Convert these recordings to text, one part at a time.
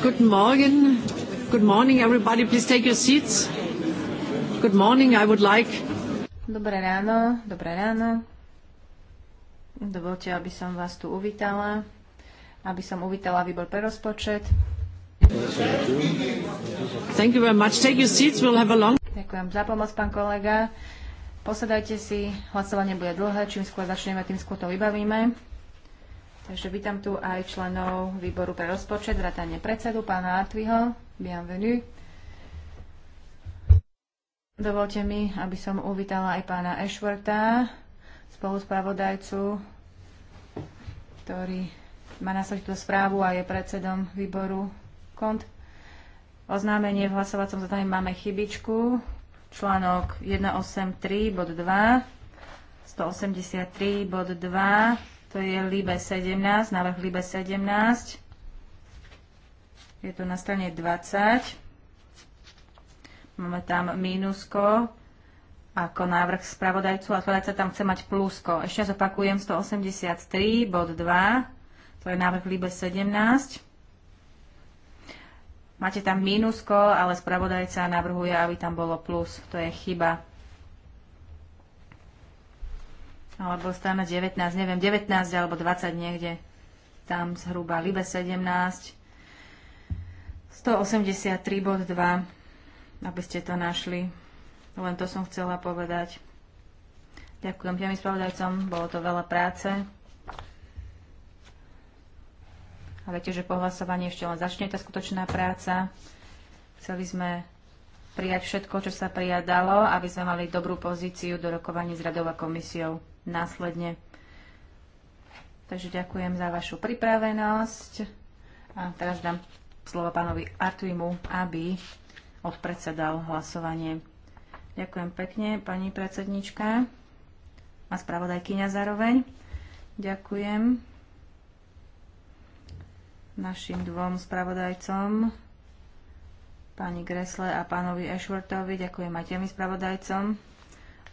Good morning. Good morning, everybody. Please take your seats. Good morning. I would like... Dobré ráno, dobré ráno. Dovolte, aby som vás tu uvítala, aby som uvítala výbor pre rozpočet. Thank you very much. Take your seats. We'll have a long... Ďakujem za pomoc, pán kolega. Posadajte si, hlasovanie bude dlhé, čím skôr začneme, tým skôr to vybavíme. Takže vítam tu aj členov výboru pre rozpočet, vrátane predsedu, pána Artviho. Bienvenue. Dovolte mi, aby som uvítala aj pána Ashworta, spoluspravodajcu, ktorý má na túto správu a je predsedom výboru KONT. Oznámenie v hlasovacom zadaní máme chybičku. Článok 183 bod 2, 183 bod 2, to je Libe 17, návrh Libe 17. Je to na strane 20. Máme tam mínusko ako návrh spravodajcu a spravodajca tam chce mať plusko. Ešte opakujem 183 bod 2, to je návrh Libe 17. Máte tam mínusko, ale spravodajca navrhuje, aby tam bolo plus. To je chyba alebo stáme 19, neviem, 19 alebo 20 niekde, tam zhruba Libe 17, 183 bod 2, aby ste to našli. Len to som chcela povedať. Ďakujem tým spravodajcom, bolo to veľa práce. A viete, že po hlasovaní ešte len začne tá skutočná práca. Chceli sme prijať všetko, čo sa prijadalo, aby sme mali dobrú pozíciu do rokovania s radou a komisiou následne. Takže ďakujem za vašu pripravenosť a teraz dám slovo pánovi Artuimu, aby odpredsedal hlasovanie. Ďakujem pekne, pani predsednička a spravodajkyňa zároveň. Ďakujem našim dvom spravodajcom, pani Gresle a pánovi Ashwortovi. Ďakujem aj tým spravodajcom.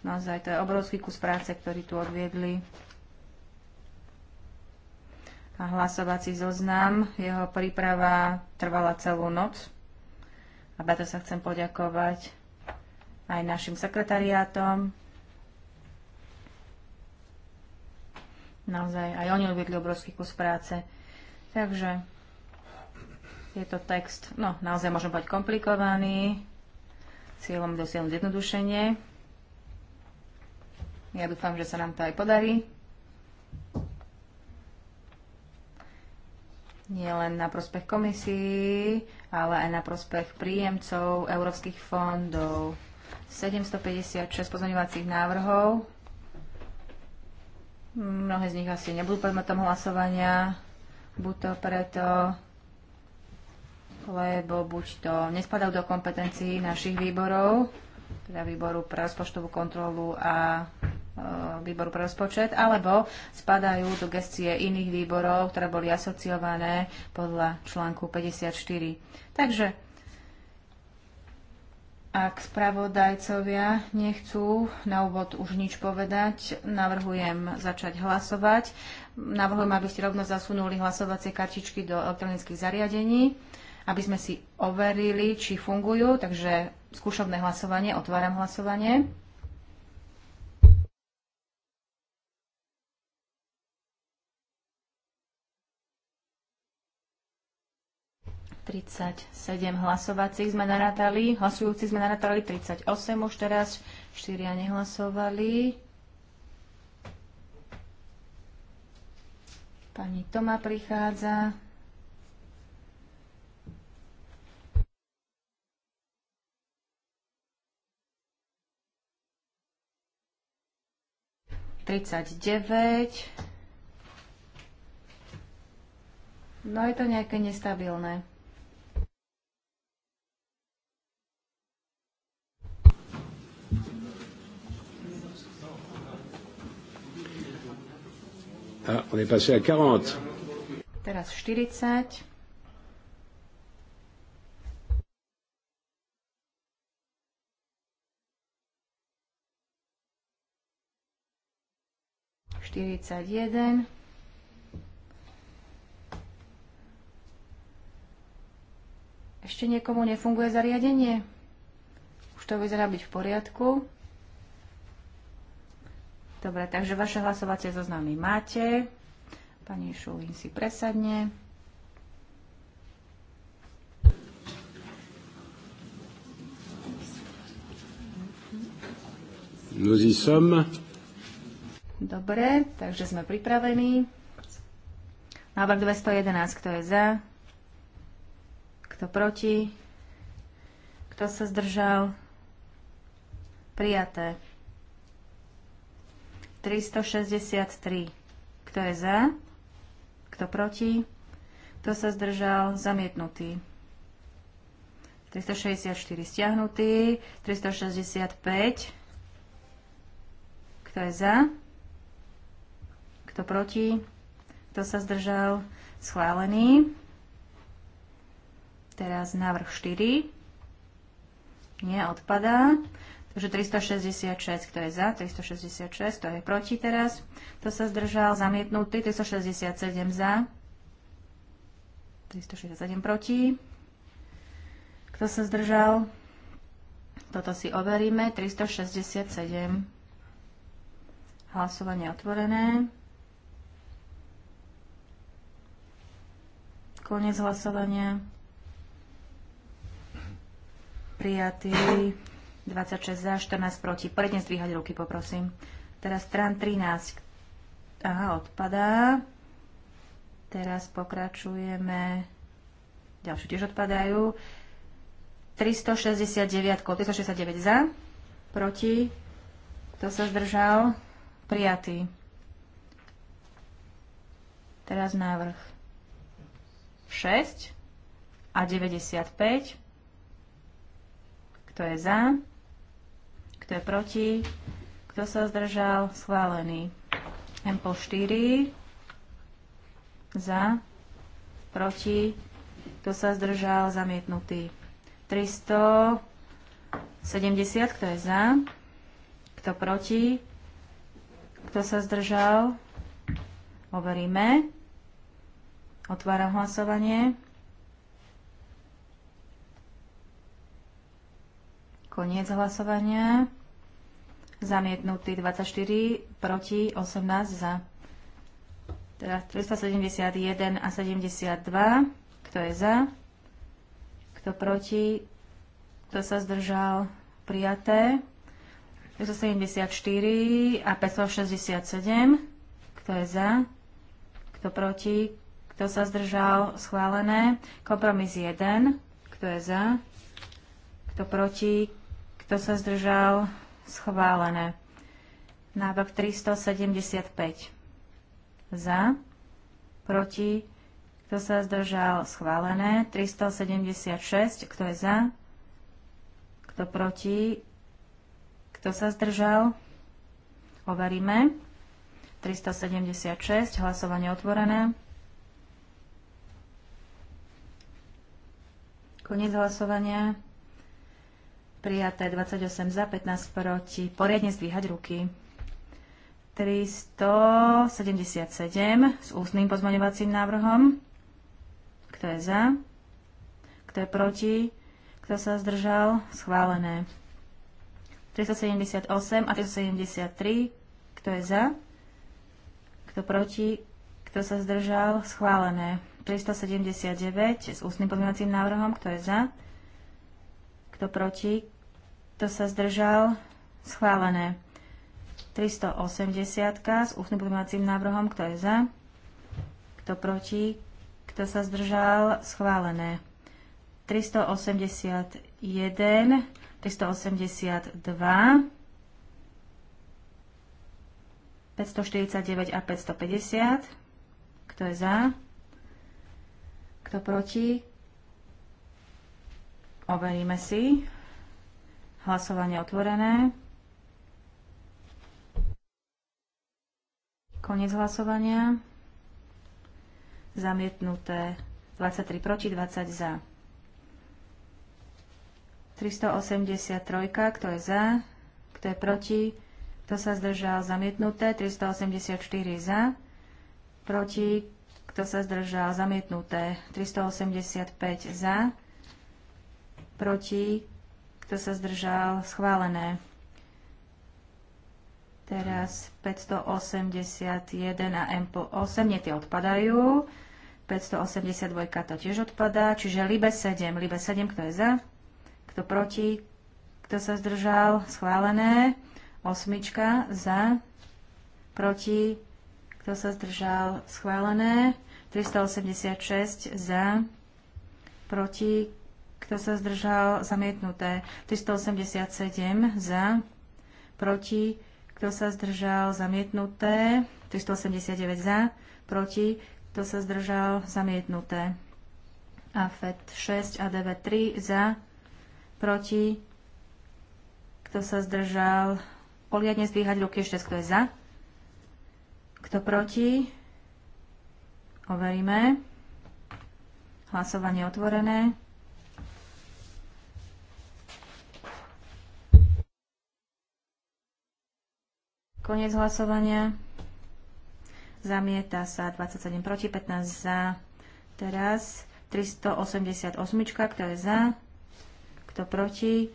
Naozaj to je obrovský kus práce, ktorý tu odviedli. A hlasovací zoznam, jeho príprava trvala celú noc. A preto sa chcem poďakovať aj našim sekretariátom. Naozaj, aj oni odviedli obrovský kus práce. Takže je to text, no naozaj môžem povedať komplikovaný, cieľom dosiahnuť zjednodušenie. Ja dúfam, že sa nám to aj podarí. Nie len na prospech komisí, ale aj na prospech príjemcov európskych fondov. 756 pozmeňovacích návrhov. Mnohé z nich asi nebudú predmetom hlasovania, buď to preto, lebo buď to nespadajú do kompetencií našich výborov, teda výboru pre rozpočtovú kontrolu a Eh, výboru pre rozpočet, alebo spadajú do gestie iných výborov, ktoré boli asociované podľa článku 54. Takže ak spravodajcovia nechcú na úvod už nič povedať, navrhujem začať hlasovať. Navrhujem, aby ste rovno zasunuli hlasovacie kartičky do elektronických zariadení, aby sme si overili, či fungujú. Takže skúšobné hlasovanie, otváram hlasovanie. 37 hlasovacích sme narátali, hlasujúci sme narátali 38 už teraz, 4 nehlasovali. Pani Toma prichádza. Tridsať deväť. No je to nejaké nestabilné. Ah, on est passé à 40. Teraz 40. Ešte niekomu nefunguje zariadenie? Už to vyzerá byť v poriadku. Dobre, takže vaše hlasovacie zoznamy máte. Pani Šulín si presadne. Nous y sommes. Dobre, takže sme pripravení. Návrh 211, kto je za? Kto proti? Kto sa zdržal? Prijaté. 363. Kto je za? Kto proti? Kto sa zdržal? Zamietnutý. 364 stiahnutý. 365. Kto je za? Kto proti? Kto sa zdržal? Schválený. Teraz návrh 4. Nie, odpadá. Takže 366, kto je za, 366, kto je proti teraz, kto sa zdržal, zamietnutý, 367 za, 367 proti, kto sa zdržal, toto si overíme, 367, hlasovanie otvorené, koniec hlasovania, prijatý, 26 za, 14 proti. Poďte zdvíhať ruky, poprosím. Teraz stran 13. Aha, odpadá. Teraz pokračujeme. Ďalšie tiež odpadajú. 369, 369 za, proti. Kto sa zdržal? Prijatý. Teraz návrh 6 a 95. Kto je za? Kto je proti? Kto sa zdržal? Schválený. MPO 4. Za. Proti. Kto sa zdržal? Zamietnutý. 370. Kto je za? Kto proti? Kto sa zdržal? Overíme. Otváram hlasovanie. Koniec hlasovania. Zamietnutý 24, proti 18 za. Teda 371 a 72. Kto je za? Kto proti? Kto sa zdržal? Prijaté. 374 a 567. Kto je za? Kto proti? Kto sa zdržal? Schválené. Kompromis 1. Kto je za? Kto proti? Kto sa zdržal? schválené. Návrh 375 za, proti, kto sa zdržal, schválené. 376, kto je za, kto proti, kto sa zdržal, overíme. 376, hlasovanie otvorené. Koniec hlasovania. Prijaté 28 za, 15 proti. Poriadne zdvíhať ruky. 377 s ústnym pozmaňovacím návrhom. Kto je za? Kto je proti? Kto sa zdržal? Schválené. 378 a 373. Kto je za? Kto proti? Kto sa zdržal? Schválené. 379 s ústnym pozmaňovacím návrhom. Kto je za? Kto proti? Kto sa zdržal? Schválené. 380 s ústnym pozmeňovacím návrhom. Kto je za? Kto proti? Kto sa zdržal? Schválené. 381, 382, 549 a 550. Kto je za? Kto proti? Overíme si. Hlasovanie otvorené. Koniec hlasovania. Zamietnuté 23 proti 20 za. 383, kto je za, kto je proti, kto sa zdržal zamietnuté, 384 za, proti, kto sa zdržal zamietnuté, 385 za, proti, kto sa zdržal, schválené. Teraz 581 a MP8, nie tie odpadajú. 582 to tiež odpadá, čiže Libe 7. Libe 7, kto je za? Kto proti? Kto sa zdržal? Schválené. Osmička za, proti, kto sa zdržal? Schválené. 386 za, proti, kto sa zdržal? Zamietnuté. 387 za. Proti. Kto sa zdržal? Zamietnuté. 389 za. Proti. Kto sa zdržal? Zamietnuté. AFET 6 a DV 3 za. Proti. Kto sa zdržal? Poliadne zdvíhať ruky ešte, kto je za. Kto proti? Overíme. Hlasovanie otvorené. Koniec hlasovania. Zamieta sa 27 proti, 15 za. Teraz 388, kto je za, kto proti,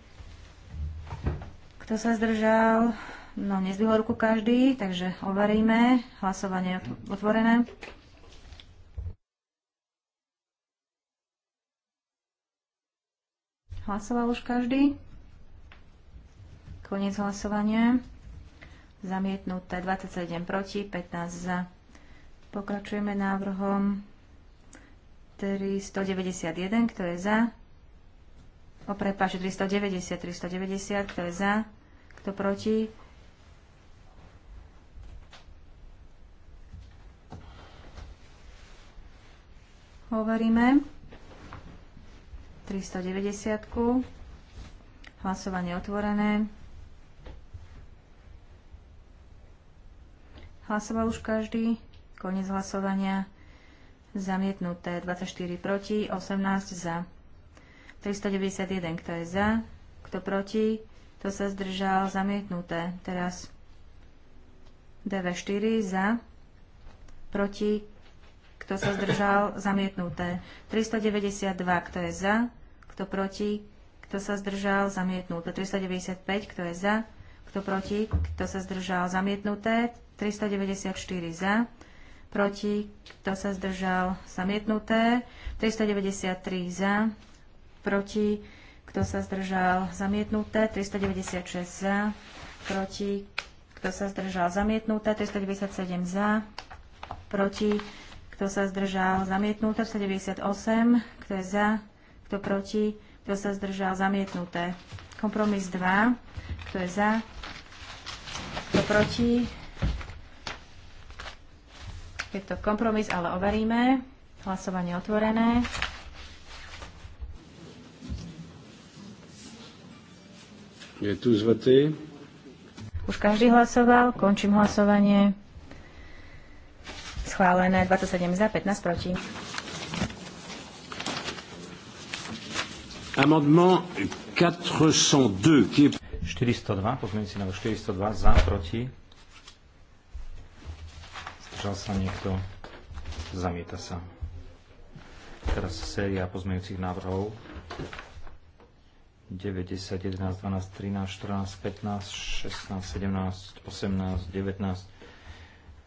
kto sa zdržal. No, nezdvihol ruku každý, takže overíme. Hlasovanie je otvorené. Hlasoval už každý? Koniec hlasovania zamietnuté 27 proti, 15 za. Pokračujeme návrhom 391, kto je za. O prepáč, 390, 390, kto je za, kto proti. Hovoríme 390. -ku. Hlasovanie otvorené. Hlasoval už každý. Koniec hlasovania. Zamietnuté 24 proti, 18 za. 391, kto je za, kto proti, kto sa zdržal, zamietnuté. Teraz DV4 za, proti, kto sa zdržal, zamietnuté. 392, kto je za, kto proti, kto sa zdržal, zamietnuté. 395, kto je za, kto proti, kto sa zdržal, zamietnuté. 394 za, proti, kto sa zdržal, zamietnuté. 393 za, proti, kto sa zdržal, zamietnuté. 396 za, proti, kto sa zdržal, zamietnuté. 397 za, proti, kto sa zdržal, zamietnuté. 398, kto je za, kto proti, kto sa zdržal, zamietnuté. Kompromis 2, kto je za, kto proti, je to kompromis, ale overíme. Hlasovanie otvorené. Je tu zvatý. Už každý hlasoval. Končím hlasovanie. Schválené 27 za 15 proti. Amendement 402. 402, pozmeňujem si na 402 za proti Zdržal sa niekto? Zamieta sa. Teraz séria pozmejúcich návrhov. 9, 10, 11, 12, 13, 14, 15, 16, 17, 18, 19,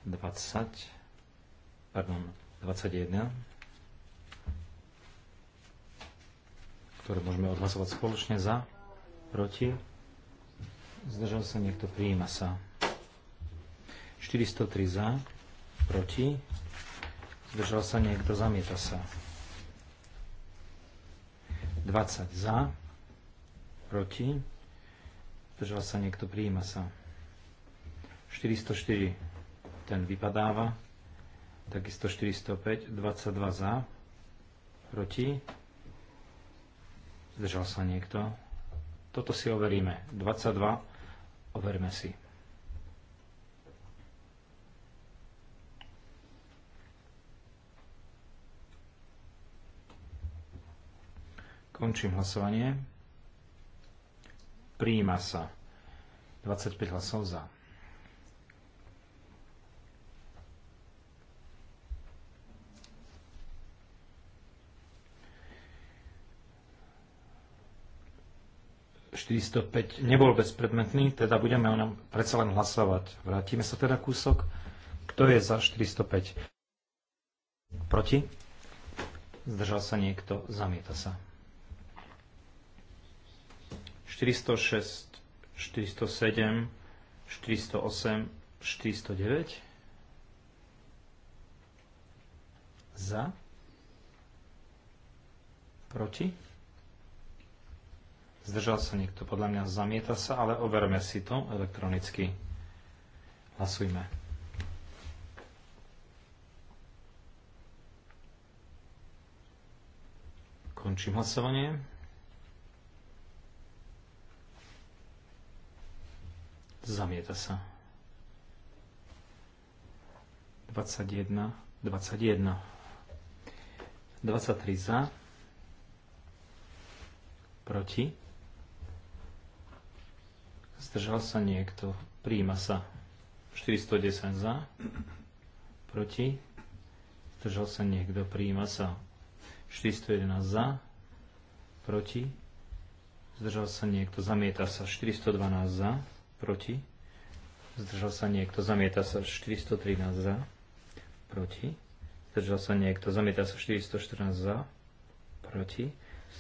20, pardon, 21, ktoré môžeme odhlasovať spoločne za, proti, zdržal sa niekto, prijíma sa. 403 za, proti, zdržal sa niekto, zamieta sa. 20 za, proti, zdržal sa niekto, prijíma sa. 404 ten vypadáva, takisto 405, 22 za, proti, zdržal sa niekto. Toto si overíme. 22, overme si. Končím hlasovanie. Prijíma sa. 25 hlasov za. ...405 nebol bezpredmetný, teda budeme o ňom predsa len hlasovať. Vrátime sa teda kúsok. Kto je za 405? Proti? Zdržal sa niekto? Zamieta sa. 406, 407, 408, 409. Za. Proti. Zdržal sa niekto, podľa mňa zamieta sa, ale overme si to elektronicky. Hlasujme. Končím hlasovanie. Zamieta sa. 21, 21. 23 za. Proti. Zdržal sa niekto. Príjma sa. 410 za. Proti. Zdržal sa niekto. Príjma sa. 411 za. Proti. Zdržal sa niekto. Zamieta sa. 412 za proti, zdržal sa niekto, zamieta sa 413 za, proti, zdržal sa niekto, zamieta sa 414 za, proti,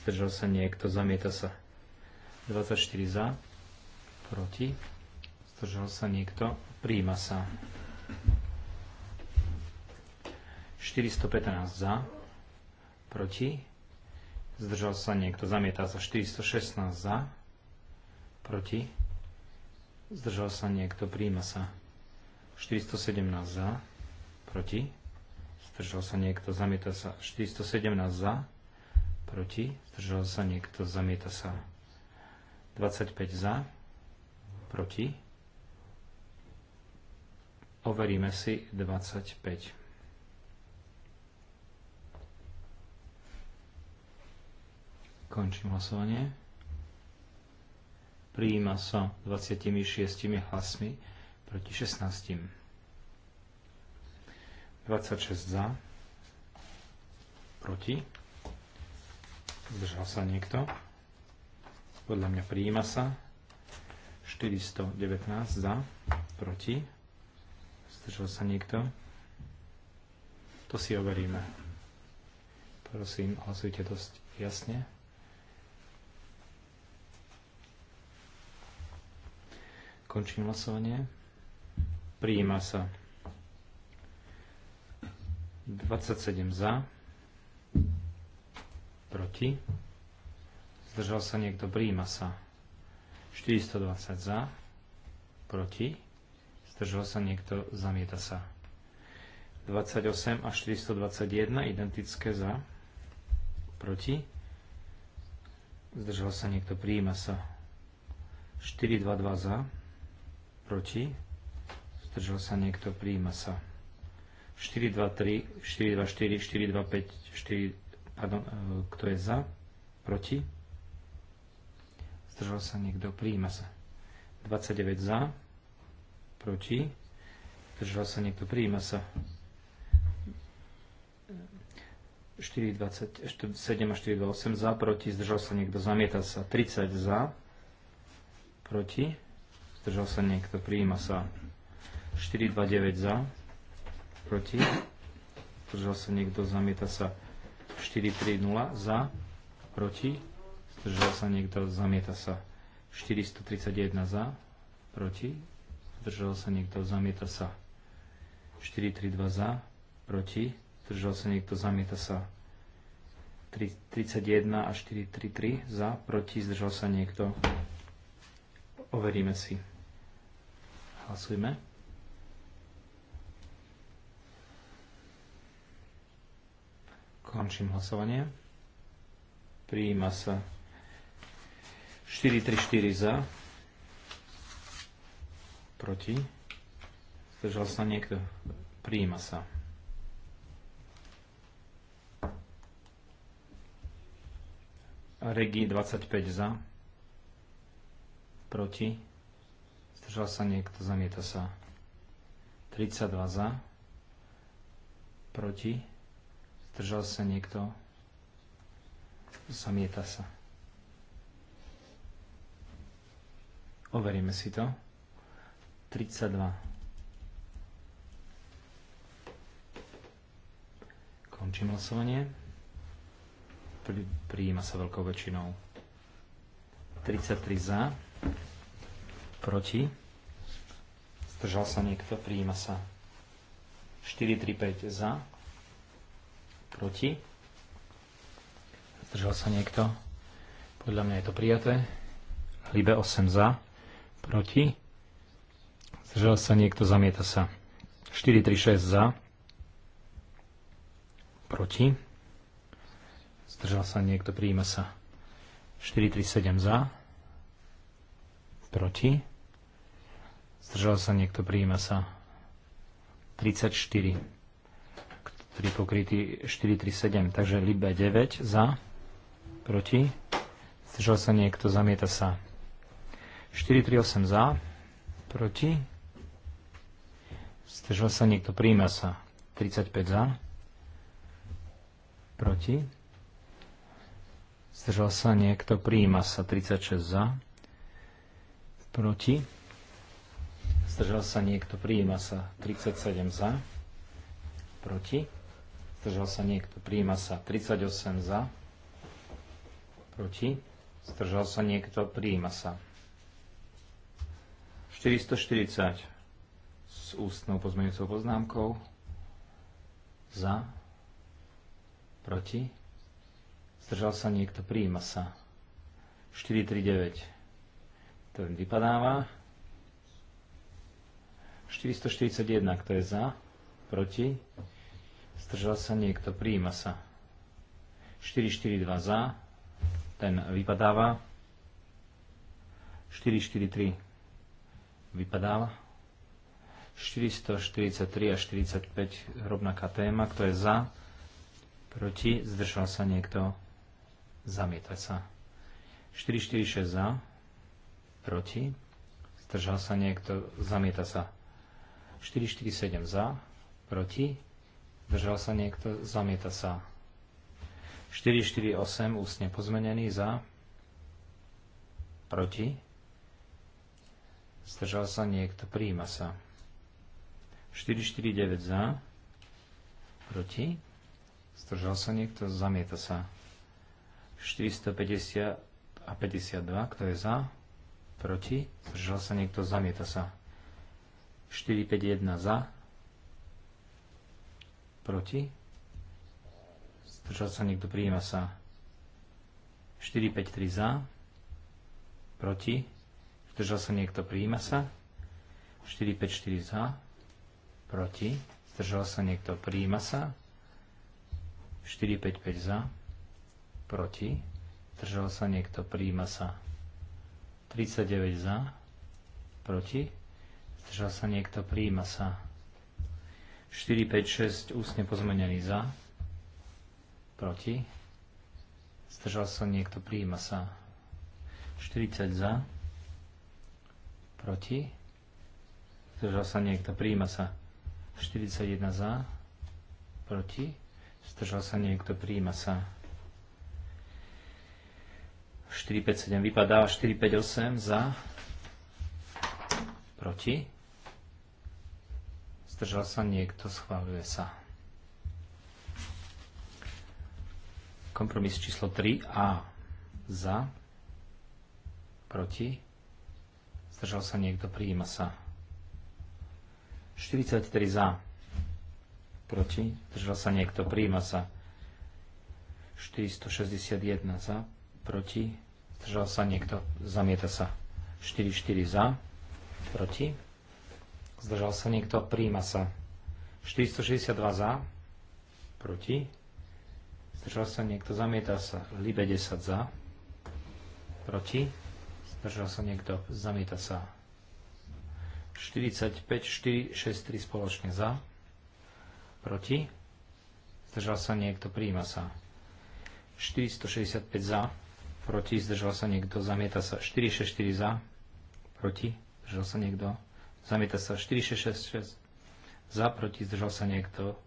zdržal sa niekto, zamieta sa 24 za, proti, zdržal sa niekto, príjma sa 415 za, proti, zdržal sa niekto, zamieta sa 416 za, proti, Zdržal sa niekto, príjma sa. 417 za, proti. Zdržal sa niekto, zamieta sa. 417 za, proti. Zdržal sa niekto, zamieta sa. 25 za, proti. Overíme si 25. Končím hlasovanie. Prijíma sa 26 hlasmi proti 16. 26 za. Proti. Zdržal sa niekto. Podľa mňa prijíma sa. 419 za. Proti. Zdržal sa niekto. To si overíme. Prosím, hlasujte dosť jasne. Končím hlasovanie. Prijíma sa. 27 za. Proti. Zdržal sa niekto. Prijíma sa. 420 za. Proti. Zdržal sa niekto. Zamieta sa. 28 a 421 identické za. Proti. Zdržal sa niekto. Prijíma sa. 422 za proti, zdržal sa niekto, príjima sa. 4, 2, 3, 4, 2, 4, 4, 2, 5, 4, pardon, e, kto je za, proti, zdržal sa niekto, príjima sa. 29 za, proti, zdržal sa niekto, príjima sa. 4, 20, 7 a 4, 2, 8 za, proti, zdržal sa niekto, zamieta sa. 30 za, proti, zdržal sa niekto, prijíma sa 429 za, proti, zdržal sa niekto, zamieta sa 430 za, proti, zdržal sa niekto, zamieta sa 431 za, proti, zdržal sa niekto, zamieta sa 432 za, proti, zdržal sa niekto, zamieta sa 3, 31 a 433 za, proti, zdržal sa niekto. Overíme si. Hlasujme. Končím hlasovanie. Prijíma sa 434 za. Proti. Zdržal sa niekto. Prijíma sa. Regi 25 za. Proti. Zdržal sa niekto, zamieta sa. 32 za. Proti. Zdržal sa niekto. Zamieta sa. Overíme si to. 32. Končím hlasovanie. Pri, prijíma sa veľkou väčšinou. 33 za. Proti? Zdržal sa niekto? Prijíma sa. 5 za. Proti? Zdržal sa niekto? Podľa mňa je to prijaté. Libe 8 za. Proti? Zdržal sa niekto? Zamieta sa. 4, 6 za. Proti? Zdržal sa niekto? Prijíma sa. 7 za. Proti? Zdržal sa niekto, prijíma sa. 34, ktorý pokrytý 437, takže Libe 9 za, proti. Zdržal sa niekto, zamieta sa. 438 za, proti. Zdržal sa niekto, prijíma sa. 35 za, proti. Zdržal sa niekto, prijíma sa. 36 za, proti Zdržal sa niekto? Prijíma sa. 37 za. Proti. Zdržal sa niekto? Prijíma sa. 38 za. Proti. Zdržal sa niekto? Prijíma sa. 440 s ústnou pozmeňujúcou poznámkou. Za. Proti. Zdržal sa niekto? Prijíma sa. 439. To vypadáva. 441, kto je za, proti, zdržal sa niekto, prijíma sa. 442 za, ten vypadáva. 443 vypadáva. 443 a 45 rovnaká téma, kto je za, proti, zdržal sa niekto, zamieta sa. 446 za, proti, zdržal sa niekto, zamieta sa. 447 za, proti, držal sa niekto, zamieta sa. 448 ústne pozmenený za, proti, zdržal sa niekto, príjima sa. 449 za, proti, zdržal sa niekto, zamieta sa. 450 a 52, kto je za, proti, zdržal sa niekto, zamieta sa. 4, 5, 1 za. Proti. Zdržal sa niekto, prijíma sa. 4, 5, 3 za. Proti. Zdržal sa niekto, prijíma sa. 4, 5, 4 za. Proti. Zdržal sa niekto, prijíma sa. 4, 5, 5 za. Proti. Zdržal sa niekto, prijíma sa. 39 za. Proti. Zdržal sa niekto? Prijíma sa. 4, 5, 6 ústne pozmenený za. Proti. Zdržal sa niekto? Prijíma sa. 40 za. Proti. Zdržal sa niekto? Prijíma sa. 41 za. Proti. Zdržal sa niekto? Prijíma sa. 457 vypadá, 458 za, proti zdržal sa niekto, schváluje sa. Kompromis číslo 3a za, proti, zdržal sa niekto, prijíma sa. 43 za, proti, zdržal sa niekto, prijíma sa. 461 za, proti, zdržal sa niekto, zamieta sa. 44 za, proti, Zdržal sa niekto? Príjma sa. 462 za. Proti. Zdržal sa niekto? Zamieta sa. Libe 10 za. Proti. Zdržal sa niekto? Zamieta sa. 45, 4, 6, 3 spoločne za. Proti. Zdržal sa niekto? Príjma sa. 465 za. Proti. Zdržal sa niekto? Zamieta sa. 464 za. Proti. Zdržal sa niekto? Zamieta sa 4666 za, proti, zdržal sa niekto.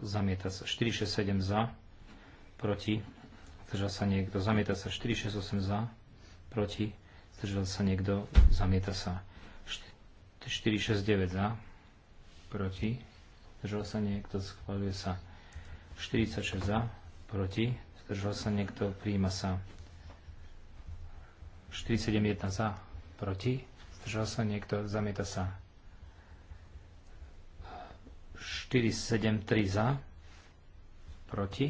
Zamieta sa 467 za, proti, zdržal sa niekto. Zamieta sa 468 za, proti, zdržal sa niekto. Zamieta sa 469 za, proti, zdržal sa niekto. Schváluje sa 46 za, proti, zdržal sa niekto. prijíma sa 471 za, proti, Zdržal sa niekto? Zamieta sa. 4, 7, 3 za. Proti.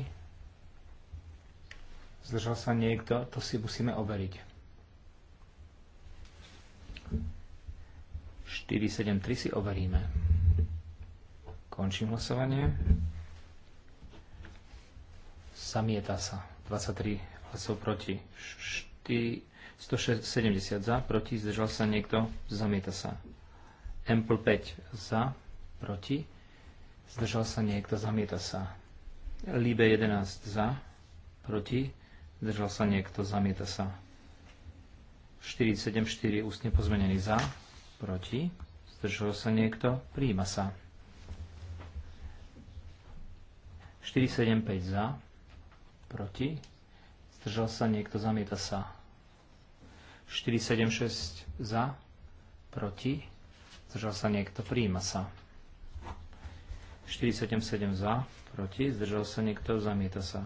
Zdržal sa niekto? To si musíme overiť. 4, 7, 3 si overíme. Končím hlasovanie. zamieta sa. 23 hlasov proti. 4, 170 za, proti, zdržal sa niekto, zamieta sa. Ample 5 za, proti, zdržal sa niekto, zamieta sa. Líbe 11 za, proti, zdržal sa niekto, zamieta sa. 474 ústne pozmenený za, proti, zdržal sa niekto, príjima sa. 475 za, proti, zdržal sa niekto, zamieta sa. 476 za, proti, zdržal sa niekto, príjima sa. 477 za, proti, zdržal sa niekto, zamieta sa.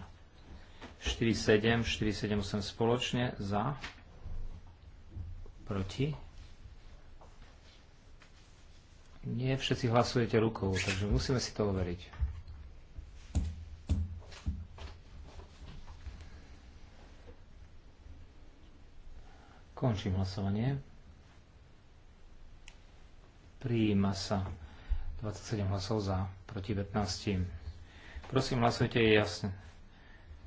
47, 478 spoločne, za, proti. Nie všetci hlasujete rukou, takže musíme si to overiť. Končím hlasovanie. Prijíma sa 27 hlasov za, proti 15. Prosím, hlasujte jasne.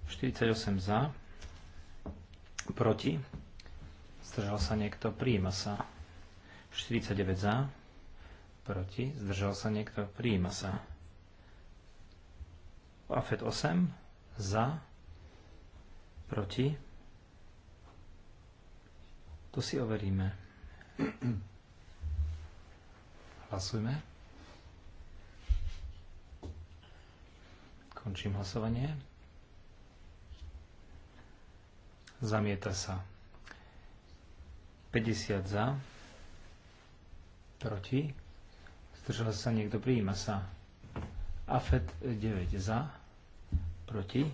48 za, proti, zdržal sa niekto, prijíma sa. 49 za, proti, zdržal sa niekto, prijíma sa. Afet 8, za, proti, to si overíme. Hlasujme. Končím hlasovanie. Zamieta sa. 50 za. Proti. Zdržal sa niekto, prijíma sa. AFET 9 za. Proti.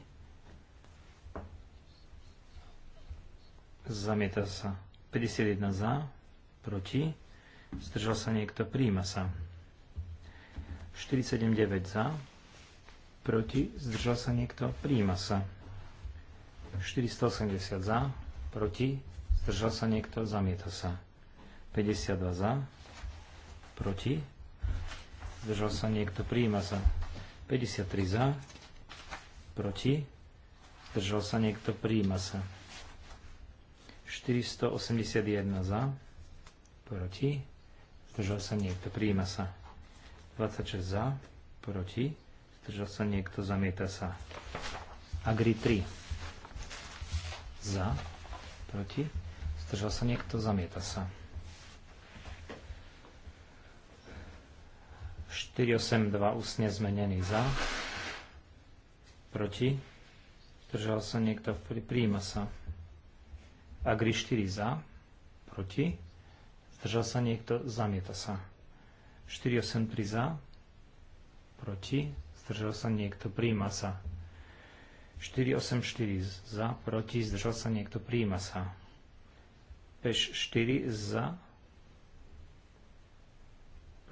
Zamieta sa. 51 za, proti, zdržal sa niekto, príjma sa. 479 za, proti, zdržal sa niekto, príjma sa. 480 za, proti, zdržal sa niekto, zamieta sa. 52 za, proti, zdržal sa niekto, príjma sa. 53 za, proti, zdržal sa niekto, príjma sa. 481 za, proti, zdržal sa niekto, prijíma sa. 26 za, proti, zdržal sa niekto, zamieta sa. Agri 3 za, proti, zdržal sa niekto, zamieta sa. 482 ústne zmenený za, proti, zdržal sa niekto, prijíma sa. Agri 4 za, proti, zdržal sa niekto, zamieta sa. 483 za, proti, zdržal sa niekto, príjma sa. 484 za, proti, zdržal sa niekto, príjma sa. Peš 4 za,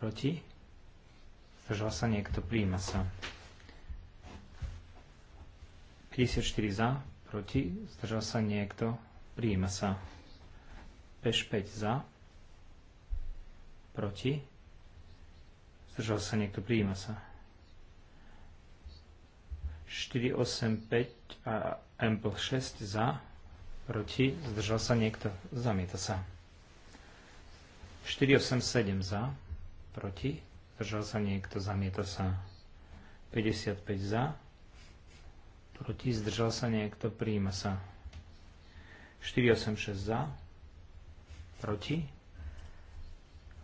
proti, zdržal sa niekto, príjma sa. 54 za, proti, zdržal sa niekto, Prijíma sa. Peš 5 za. Proti. Zdržal sa niekto. Prijíma sa. 4, 8, 5 a plus 6 za. Proti. Zdržal sa niekto. Zamieta sa. 4, 8, 7 za. Proti. Zdržal sa niekto. Zamieta sa. 55 za. Proti. Zdržal sa niekto. Prijíma sa. 486 za, proti,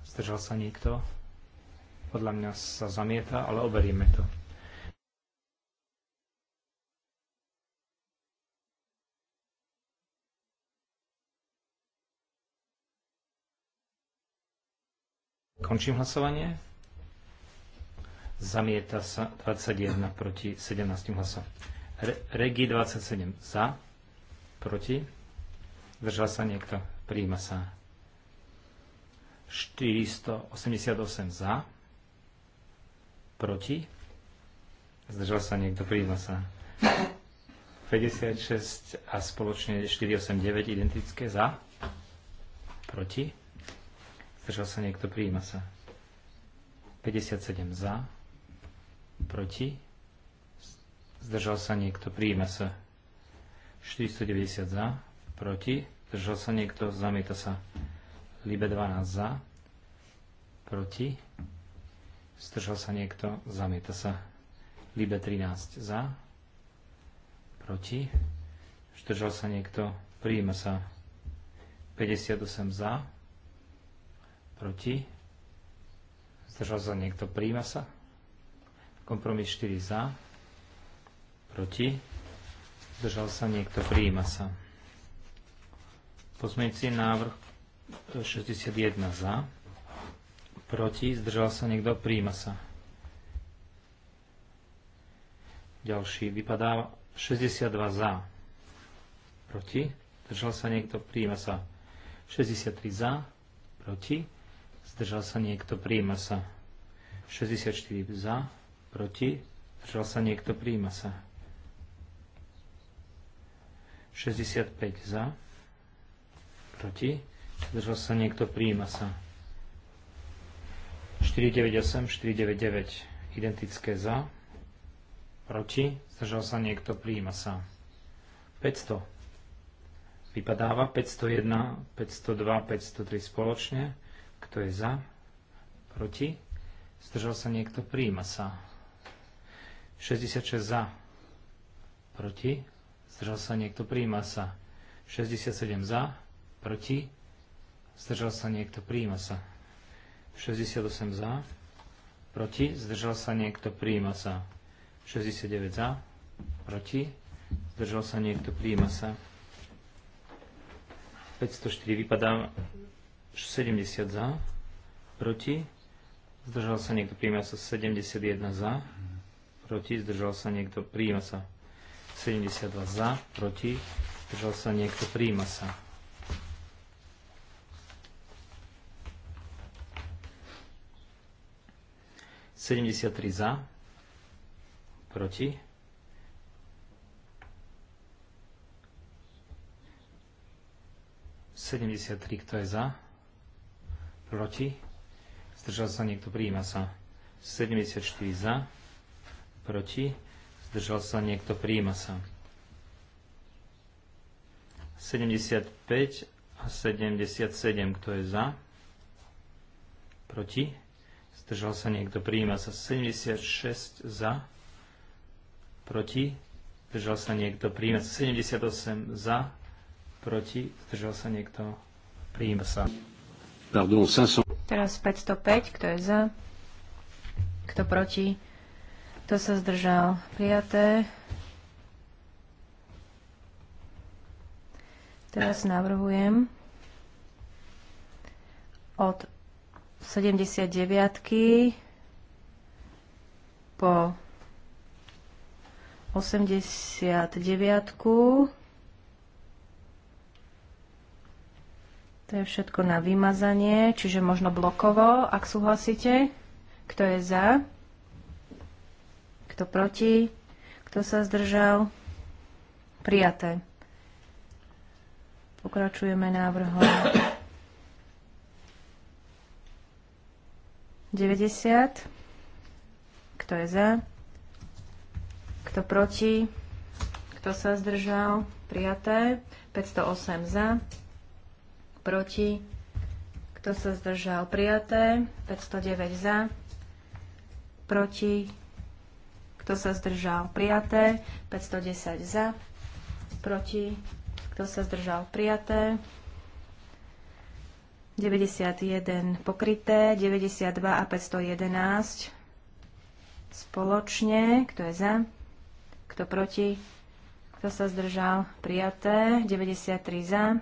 zdržal sa niekto, podľa mňa sa zamieta, ale overíme to. Končím hlasovanie. Zamieta sa 21 proti 17 hlasov. Regi 27 za, proti. Zdržal sa niekto? Príjma sa. 488 za. Proti. Zdržal sa niekto? Príjma sa. 56 a spoločne 489 identické za. Proti. Zdržal sa niekto? Príjma sa. 57 za. Proti. Zdržal sa niekto? Príjma sa. 490 za proti, zdržal sa niekto, zamieta sa. Libe 12 za, proti, zdržal sa niekto, zamieta sa. Libe 13 za, proti, zdržal sa niekto, prijíma sa. 58 za, proti, zdržal sa niekto, prijíma sa. Kompromis 4 za, proti, zdržal sa niekto, prijíma sa. Pozmeňujúci návrh 61 za. Proti. Zdržal sa niekto. Príjma sa. Ďalší vypadá 62 za. Proti. Zdržal sa niekto. Príjma sa. 63 za. Proti. Zdržal sa niekto. Príjma sa. 64 za. Proti. Zdržal sa niekto. Príjma sa. 65 za proti, zdržal sa niekto, prijíma sa. 498, 499, identické za, proti, zdržal sa niekto, prijíma sa. 500, vypadáva, 501, 502, 503 spoločne, kto je za, proti, zdržal sa niekto, prijíma sa. 66 za, proti, zdržal sa niekto, prijíma sa. 67 za, proti, zdržal sa niekto, príjima sa. 68 za, proti, zdržal sa niekto, príjima sa. 69 za, proti, zdržal sa niekto, príjima sa. 504 vypadá 70 za, proti, zdržal sa niekto, príjima sa. 71 za, proti, zdržal sa niekto, príjima sa. 72 za, proti, zdržal sa niekto, príjima sa. 73 za, proti. Sedemdesiat kto je za? Proti? Zdržal sa niekto, prijíma sa. 74 za, proti? Zdržal sa niekto, prijíma sa. 75 a 77, kto je za? Proti. Proti? Zdržal sa niekto. Prijíma sa 76 za. Proti. Zdržal sa niekto. Prijíma sa 78 za. Proti. Zdržal sa niekto. Prijíma sa. Pardon, 500. Teraz 505. Kto je za? Kto proti? Kto sa zdržal? Prijaté. Teraz navrhujem od 79 po 89 To je všetko na vymazanie, čiže možno blokovo, ak súhlasíte. Kto je za? Kto proti? Kto sa zdržal? Prijaté. Pokračujeme návrhom 90. Kto je za? Kto proti? Kto sa zdržal? Prijaté. 508 za. Proti. Kto sa zdržal? Prijaté. 509 za. Proti. Kto sa zdržal? Prijaté. 510 za. Proti. Kto sa zdržal? Prijaté. 91 pokryté, 92 a 511 spoločne. Kto je za? Kto proti? Kto sa zdržal? Prijaté. 93 za.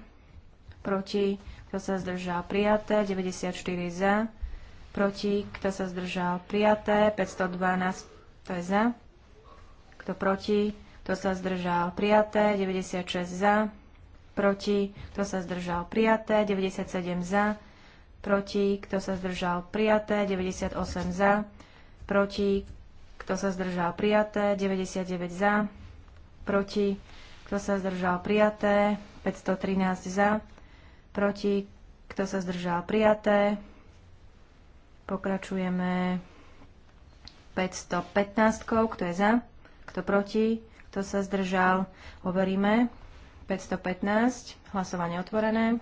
Proti. Kto sa zdržal? Prijaté. 94 za. Proti. Kto sa zdržal? Prijaté. 512. To je za. Kto proti? Kto sa zdržal? Prijaté. 96 za proti, kto sa zdržal prijaté, 97 za, proti, kto sa zdržal prijaté, 98 za, proti, kto sa zdržal prijaté, 99 za, proti, kto sa zdržal prijaté, 513 za, proti, kto sa zdržal prijaté, pokračujeme 515, kto je za, kto proti, kto sa zdržal, overíme, 515, hlasovanie otvorené.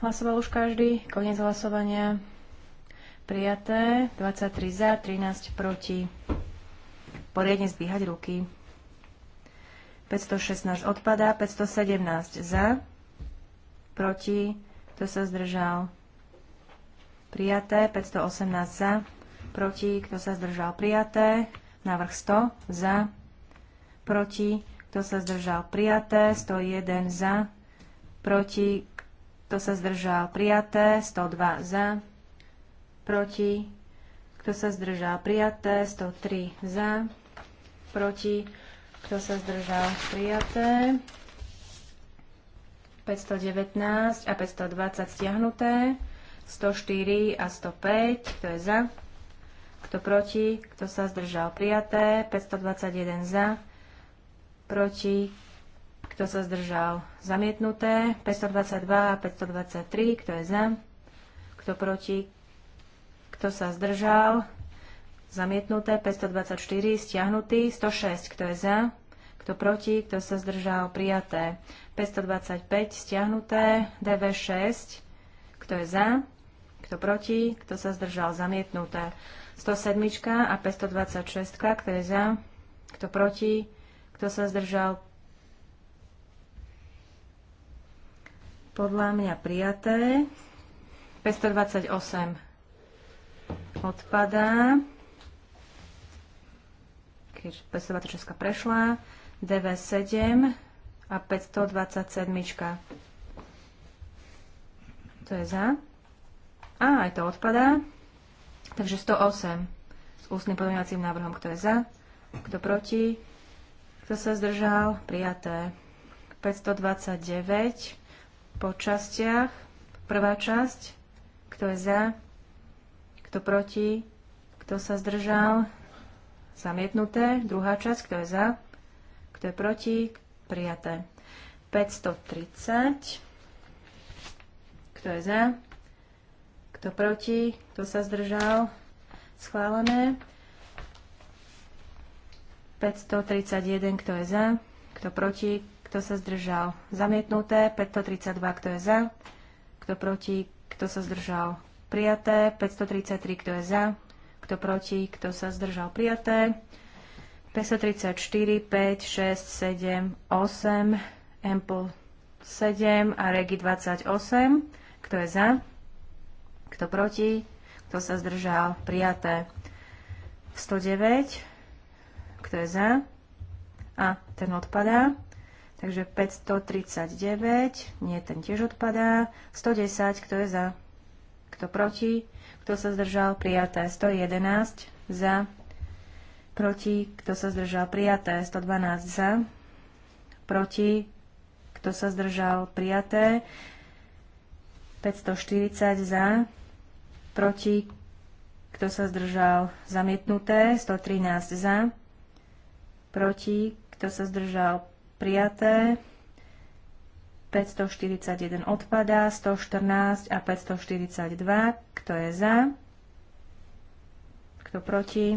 Hlasoval už každý, koniec hlasovania. Prijaté, 23 za, 13 proti. Poriadne zbíhať ruky. 516 odpadá, 517 za, proti, kto sa zdržal. Prijaté, 518 za, proti, kto sa zdržal. Prijaté, Návrh 100 za, proti, kto sa zdržal prijaté, 101 za, proti, kto sa zdržal prijaté, 102 za, proti, kto sa zdržal prijaté, 103 za, proti, kto sa zdržal prijaté, 519 a 520 stiahnuté, 104 a 105, kto je za, kto proti? Kto sa zdržal? Prijaté. 521 za. Proti? Kto sa zdržal? Zamietnuté. 522 a 523. Kto je za? Kto proti? Kto sa zdržal? Zamietnuté. 524. Stiahnutý. 106. Kto je za? Kto proti? Kto sa zdržal? Prijaté. 525. Stiahnuté. DV6. Kto je za? Kto proti? Kto sa zdržal? Zamietnuté. 107 a 526, kto je za, kto proti, kto sa zdržal. Podľa mňa prijaté. 528 odpadá. Keď 526 prešla. DV7 a 527. To je za. A aj to odpadá. Takže 108 s ústnym pozmeňovacím návrhom, kto je za, kto proti, kto sa zdržal, prijaté. 529 po častiach. Prvá časť, kto je za, kto proti, kto sa zdržal, zamietnuté. Druhá časť, kto je za, kto je proti, prijaté. 530, kto je za, kto proti? Kto sa zdržal? Schválené. 531, kto je za? Kto proti? Kto sa zdržal? Zamietnuté. 532, kto je za? Kto proti? Kto sa zdržal? Prijaté. 533, kto je za? Kto proti? Kto sa zdržal? Prijaté. 534, 5, 6, 7, 8, Ample 7 a Regi 28. Kto je za? Kto proti? Kto sa zdržal? Prijaté. 109. Kto je za? A ten odpadá. Takže 539. Nie, ten tiež odpadá. 110. Kto je za? Kto proti? Kto sa zdržal? Prijaté. 111. Za. Proti. Kto sa zdržal? Prijaté. 112. Za. Proti. Kto sa zdržal? Prijaté. 540 za, proti, kto sa zdržal, zamietnuté, 113 za, proti, kto sa zdržal, prijaté, 541 odpadá, 114 a 542, kto je za, kto proti,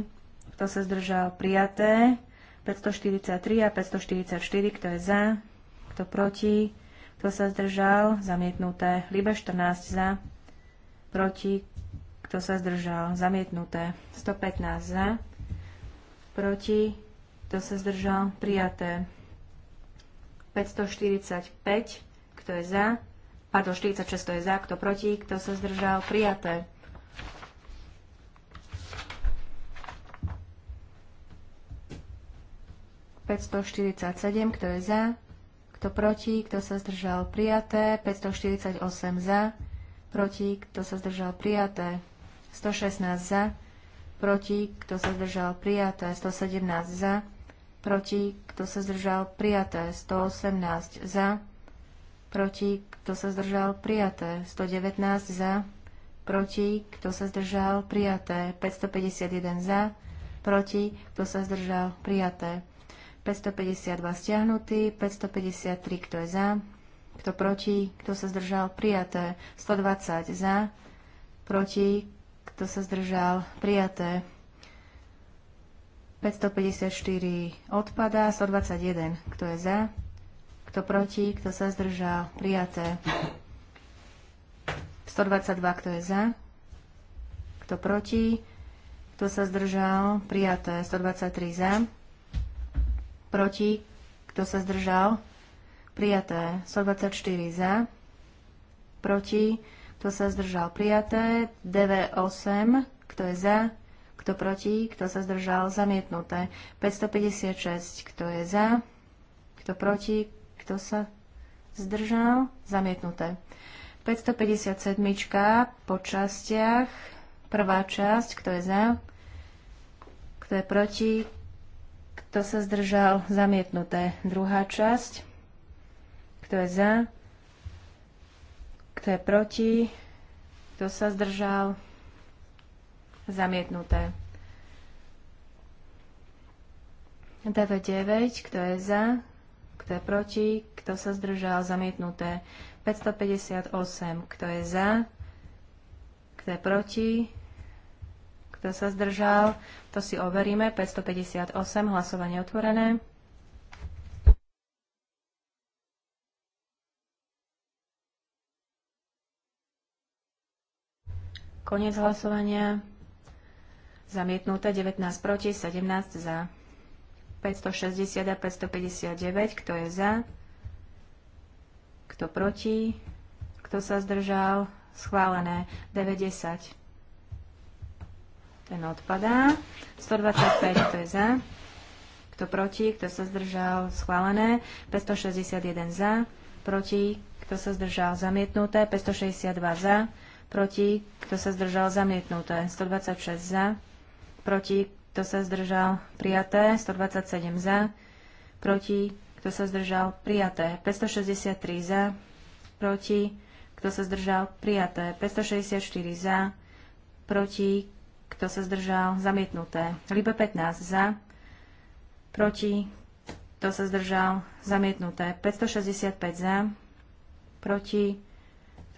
kto sa zdržal, prijaté, 543 a 544, kto je za, kto proti, kto sa zdržal, zamietnuté, Libe 14 za, proti, kto sa zdržal? Zamietnuté. 115 za. Proti. Kto sa zdržal? Prijaté. 545. Kto je za? Pardon, 46 Kto je za. Kto proti? Kto sa zdržal? Prijaté. ...547, kto je za, kto proti, kto sa zdržal prijaté, 548 za, proti, kto sa zdržal prijaté, 116 za, proti, kto sa zdržal, prijaté 117 za, proti, kto sa zdržal, prijaté 118 za, proti, kto sa zdržal, prijaté 119 za, proti, kto sa zdržal, prijaté 551 za, proti, kto sa zdržal, prijaté 552 stiahnutý, 553 kto je za, kto proti, kto sa zdržal, prijaté 120 za, proti, kto sa zdržal? Prijaté. 554 odpadá. 121. Kto je za? Kto proti? Kto sa zdržal? Prijaté. 122. Kto je za? Kto proti? Kto sa zdržal? Prijaté. 123 za. Proti? Kto sa zdržal? Prijaté. 124 za. Proti? kto sa zdržal prijaté, DV8, kto je za, kto proti, kto sa zdržal zamietnuté, 556, kto je za, kto proti, kto sa zdržal zamietnuté. 557 po častiach, prvá časť, kto je za, kto je proti, kto sa zdržal zamietnuté, druhá časť, kto je za, kto je proti? Kto sa zdržal? Zamietnuté. DV9, kto je za? Kto je proti? Kto sa zdržal? Zamietnuté. 558, kto je za? Kto je proti? Kto sa zdržal? To si overíme. 558, hlasovanie otvorené. Koniec hlasovania. Zamietnuté 19 proti, 17 za. 560 a 559, kto je za, kto proti, kto sa zdržal, schválené 90. Ten odpadá. 125, kto je za, kto proti, kto sa zdržal, schválené 561 za, proti, kto sa zdržal, zamietnuté 562 za, proti, kto sa zdržal, zamietnuté. 126 za, proti, kto sa zdržal, prijaté. 127 za, proti, kto sa zdržal, prijaté. 563 za, proti, kto sa zdržal, prijaté. 564 za, proti, kto sa zdržal, zamietnuté. Libe 15 za, proti, kto sa zdržal, zamietnuté. 565 za, proti,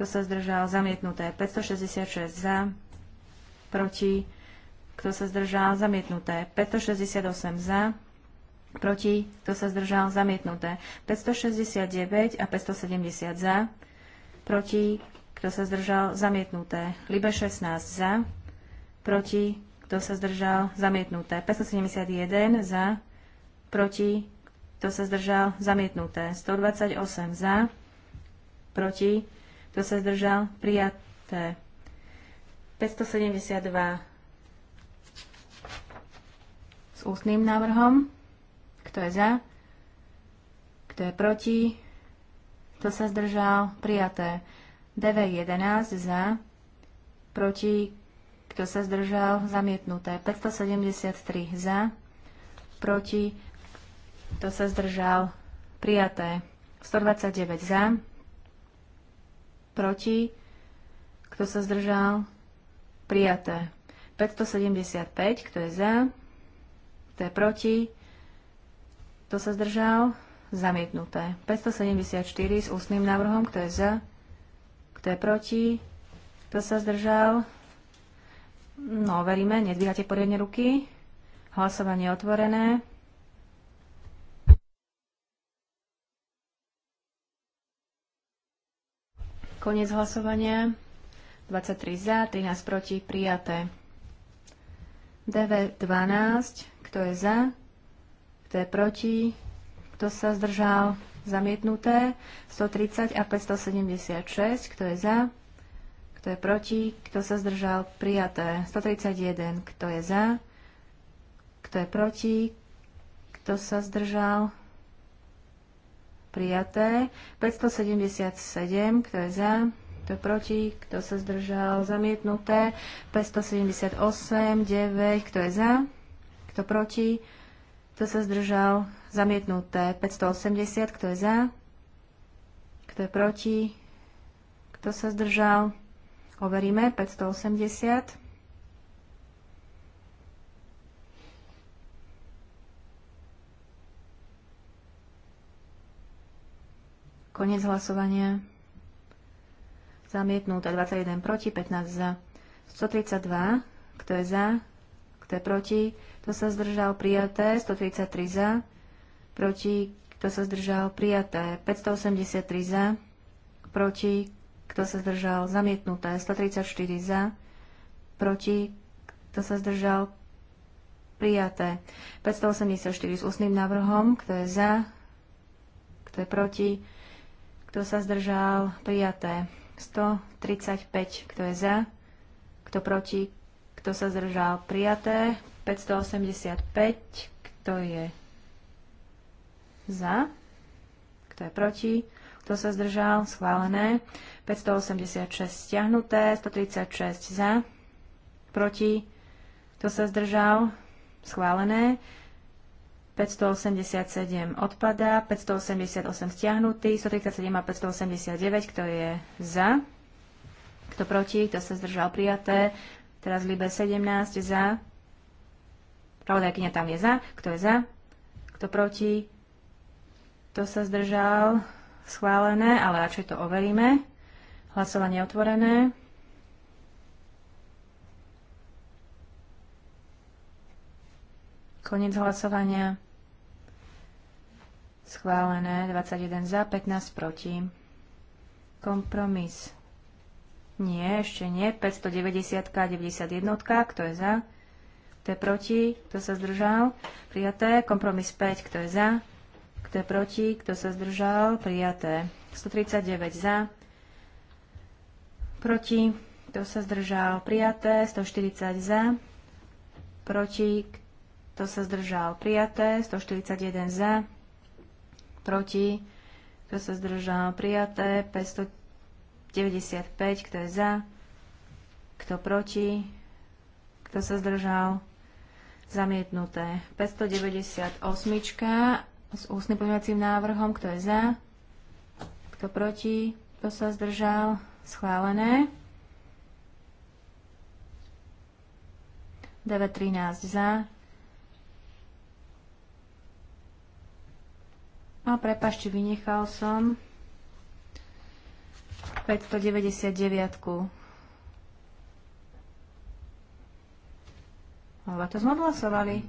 kto sa zdržal? Zamietnuté. 566 za. Proti. Kto sa zdržal? Zamietnuté. 568 za. Proti. Kto sa zdržal? Zamietnuté. 569 a 570 za. Proti. Kto sa zdržal? Zamietnuté. Libe 16 za. Proti. Kto sa zdržal? Zamietnuté. 571 za. Proti. Kto sa zdržal? Zamietnuté. 128 za. Proti. Kto sa zdržal? Prijaté. 572 s ústnym návrhom. Kto je za? Kto je proti? Kto sa zdržal? Prijaté. DV11 za. Proti. Kto sa zdržal? Zamietnuté. 573 za. Proti. Kto sa zdržal? Prijaté. 129 za proti, kto sa zdržal, prijaté. 575, kto je za, kto je proti, kto sa zdržal, zamietnuté. 574 s ústnym návrhom, kto je za, kto je proti, kto sa zdržal, no veríme, nedvíhate poriadne ruky, hlasovanie otvorené, Konec hlasovania. 23 za, 13 proti, prijaté. DV 12, kto je za, kto je proti, kto sa zdržal, zamietnuté. 130 a 576, kto je za, kto je proti, kto sa zdržal, prijaté. 131, kto je za, kto je proti, kto sa zdržal, prijaté. 577, kto je za, kto je proti, kto sa zdržal, zamietnuté. 578, 9, kto je za, kto proti, kto sa zdržal, zamietnuté. 580, kto je za, kto je proti, kto sa zdržal, overíme 580. Konec hlasovania. Zamietnuté 21 proti, 15 za. 132, kto je za, kto je proti, kto sa zdržal, prijaté. 133 za, proti, kto sa zdržal, prijaté. 583 za, proti, kto sa zdržal, zamietnuté. 134 za, proti, kto sa zdržal, prijaté. 584 s ústnym návrhom, kto je za, kto je proti, kto sa zdržal? Prijaté. 135. Kto je za? Kto proti? Kto sa zdržal? Prijaté. 585. Kto je za? Kto je proti? Kto sa zdržal? Schválené. 586 stiahnuté. 136 za. Proti? Kto sa zdržal? Schválené. 587 odpadá, 588 stiahnutý, 137 a 589, kto je za, kto proti, kto sa zdržal prijaté, teraz Libe 17 za, pravodajkynia tam je za, kto je za, kto proti, kto sa zdržal, schválené, ale radšej to overíme. Hlasovanie otvorené. Koniec hlasovania. Schválené. 21 za, 15 proti. Kompromis. Nie, ešte nie. 590 a 91. Kto je za? Kto je proti? Kto sa zdržal? Prijaté. Kompromis 5. Kto je za? Kto je proti? Kto sa zdržal? Prijaté. 139 za. Proti. Kto sa zdržal? Prijaté. 140 za. Proti. Kto sa zdržal? Prijaté. 141 za. Proti. Kto sa zdržal? Prijaté. 595. Kto je za? Kto proti? Kto sa zdržal? Zamietnuté. 598 s ústnym pozmeňovacím návrhom. Kto je za? Kto proti? Kto sa zdržal? Schválené. 9.13 za. A prepašte, vynechal som 599. -ku. Ale to sme hlasovali.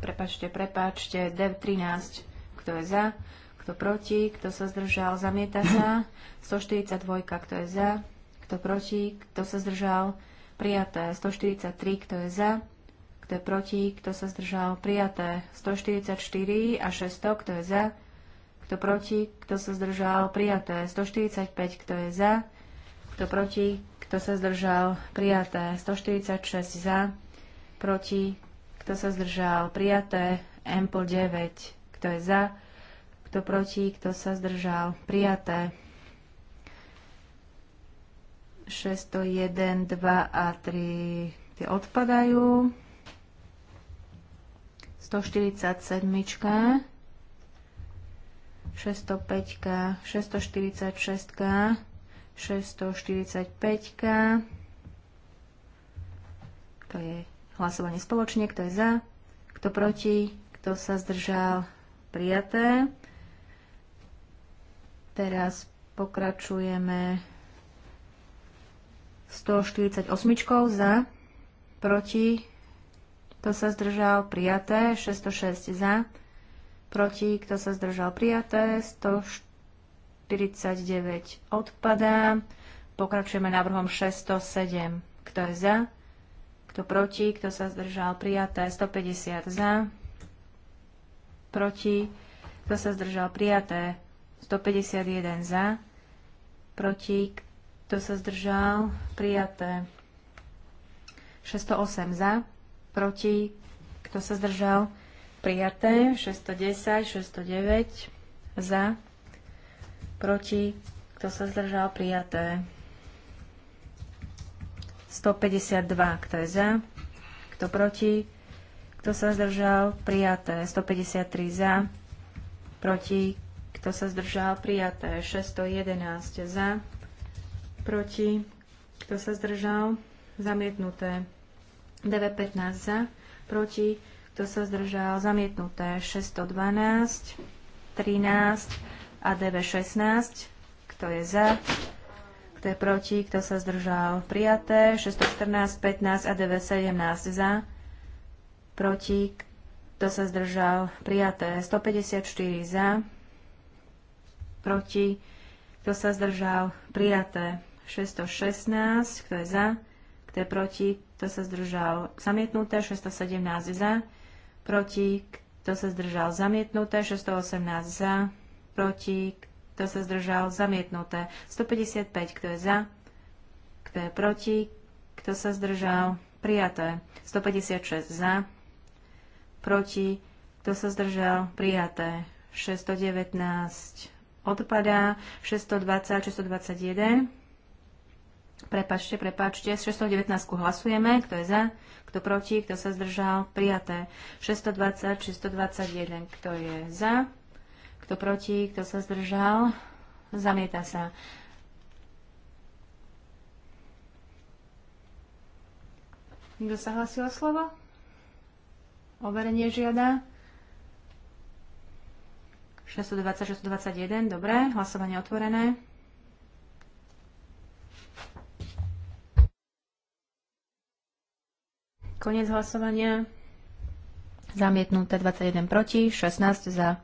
Prepačte, prepačte, DEV 13. Kto je za? Kto proti? Kto sa zdržal? Zamieta sa. 142. Kto je za? Kto proti? Kto sa zdržal? Prijaté. 143. Kto je za? kto je proti, kto sa zdržal, prijaté. 144 a 600, kto je za, kto proti, kto sa zdržal, prijaté. 145, kto je za, kto proti, kto sa zdržal, prijaté. 146 za, proti, kto sa zdržal, prijaté. po 9, kto je za, kto proti, kto sa zdržal, prijaté. 601, 2 a 3 tie odpadajú. 147, 605, 646, 645. To je hlasovanie spoločne. Kto je za? Kto proti? Kto sa zdržal? Prijaté. Teraz pokračujeme 148 za, proti, kto sa zdržal, prijaté, 606 za, proti, kto sa zdržal, prijaté, 149 odpadá, pokračujeme návrhom 607, kto je za, kto proti, kto sa zdržal, prijaté, 150 za, proti, kto sa zdržal, prijaté, 151 za, proti, kto sa zdržal, prijaté, 608 za, proti, kto sa zdržal, prijaté, 610, 609, za, proti, kto sa zdržal, prijaté, 152, kto je za, kto proti, kto sa zdržal, prijaté, 153 za, proti, kto sa zdržal, prijaté, 611 za, proti, kto sa zdržal, zamietnuté. DV15 za, proti, kto sa zdržal, zamietnuté 612, 13 a DV16, kto je za, kto je proti, kto sa zdržal, prijaté 614, 15 a DV17 za, proti, kto sa zdržal, prijaté 154 za, proti, kto sa zdržal, prijaté 616, kto je za, kto je proti, kto sa zdržal zamietnuté, 617 za, proti, kto sa zdržal zamietnuté, 618 za, proti, kto sa zdržal zamietnuté, 155, kto je za, kto je proti, kto sa zdržal prijaté, 156 za, proti, kto sa zdržal prijaté, 619 odpadá, 620, 621 Prepačte, prepačte. Z 619 hlasujeme. Kto je za? Kto proti? Kto sa zdržal? Prijaté. 620, 621. Kto je za? Kto proti? Kto sa zdržal? Zamieta sa. Kto sa hlasil o slovo? Overenie žiada. 620, 621. Dobre. Hlasovanie otvorené. Konec hlasovania. Zamietnuté 21 proti, 16 za.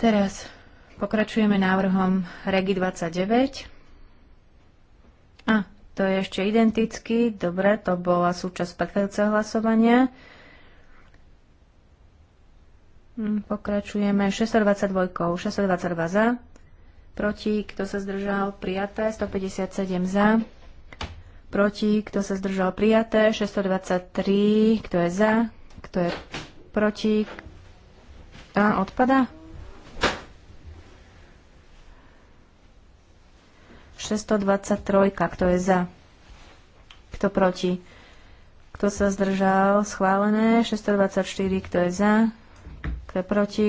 Teraz pokračujeme návrhom Regi 29. A, to je ešte identický. Dobre, to bola súčasť predchádzajúceho hlasovania. Hm, pokračujeme 622, 622 za, proti, kto sa zdržal, prijaté, 157 za, proti, kto sa zdržal prijaté, 623, kto je za, kto je proti, a odpada. 623, kto je za, kto proti, kto sa zdržal, schválené, 624, kto je za, kto je proti,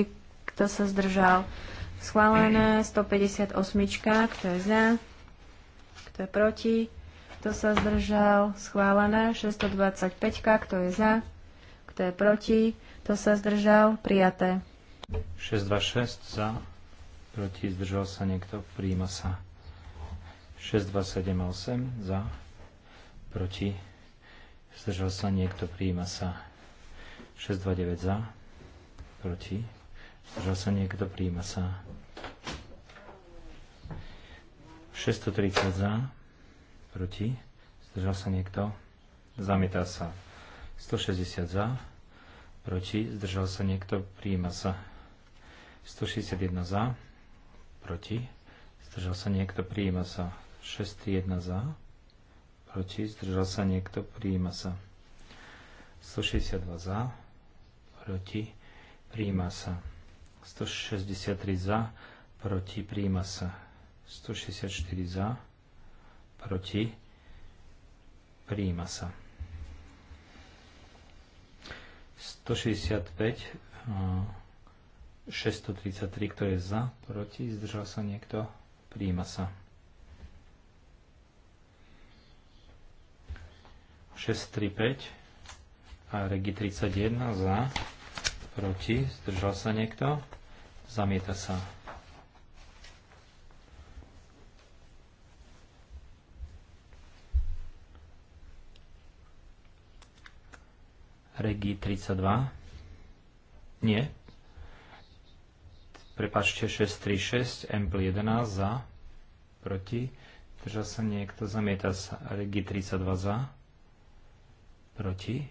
kto sa zdržal, schválené, 158, kto je za, kto je proti, kto sa zdržal? Schválené. 625. Kto je za? Kto je proti? Kto sa zdržal? Prijaté. 626 za. Proti zdržal sa niekto. príjma sa. 6278 za. Proti. Zdržal sa niekto. príjma sa. 629 za. Proti. Zdržal sa niekto. príjma sa. 630 za proti, zdržal sa niekto, zamietá sa. 160 za, proti, zdržal sa niekto, prijíma sa. 161 za, proti, zdržal sa niekto, prijíma sa. 61 za, proti, zdržal sa niekto, prijíma sa. 162 za, proti, prijíma sa. 163 za, proti, prijíma sa. 164 za, proti, prijíma sa. 165, 633, eh, kto je za, proti, zdržal sa niekto, prijíma sa. 635 a regi 31 za, proti, zdržal sa niekto, zamieta sa. Regi 32. Nie. Prepačte, 636, Ample 11 za, proti. Drža sa niekto, zamieta sa. Regi 32 za, proti.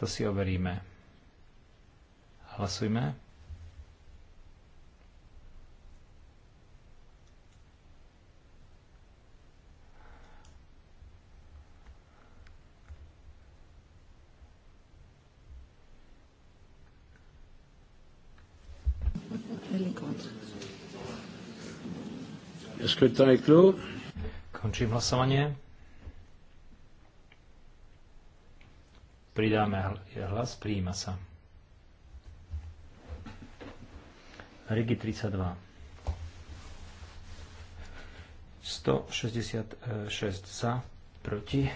To si overíme. Hlasujme. Končím hlasovanie. Pridáme hlas, prijíma sa. Rigi 32. 166 za, proti.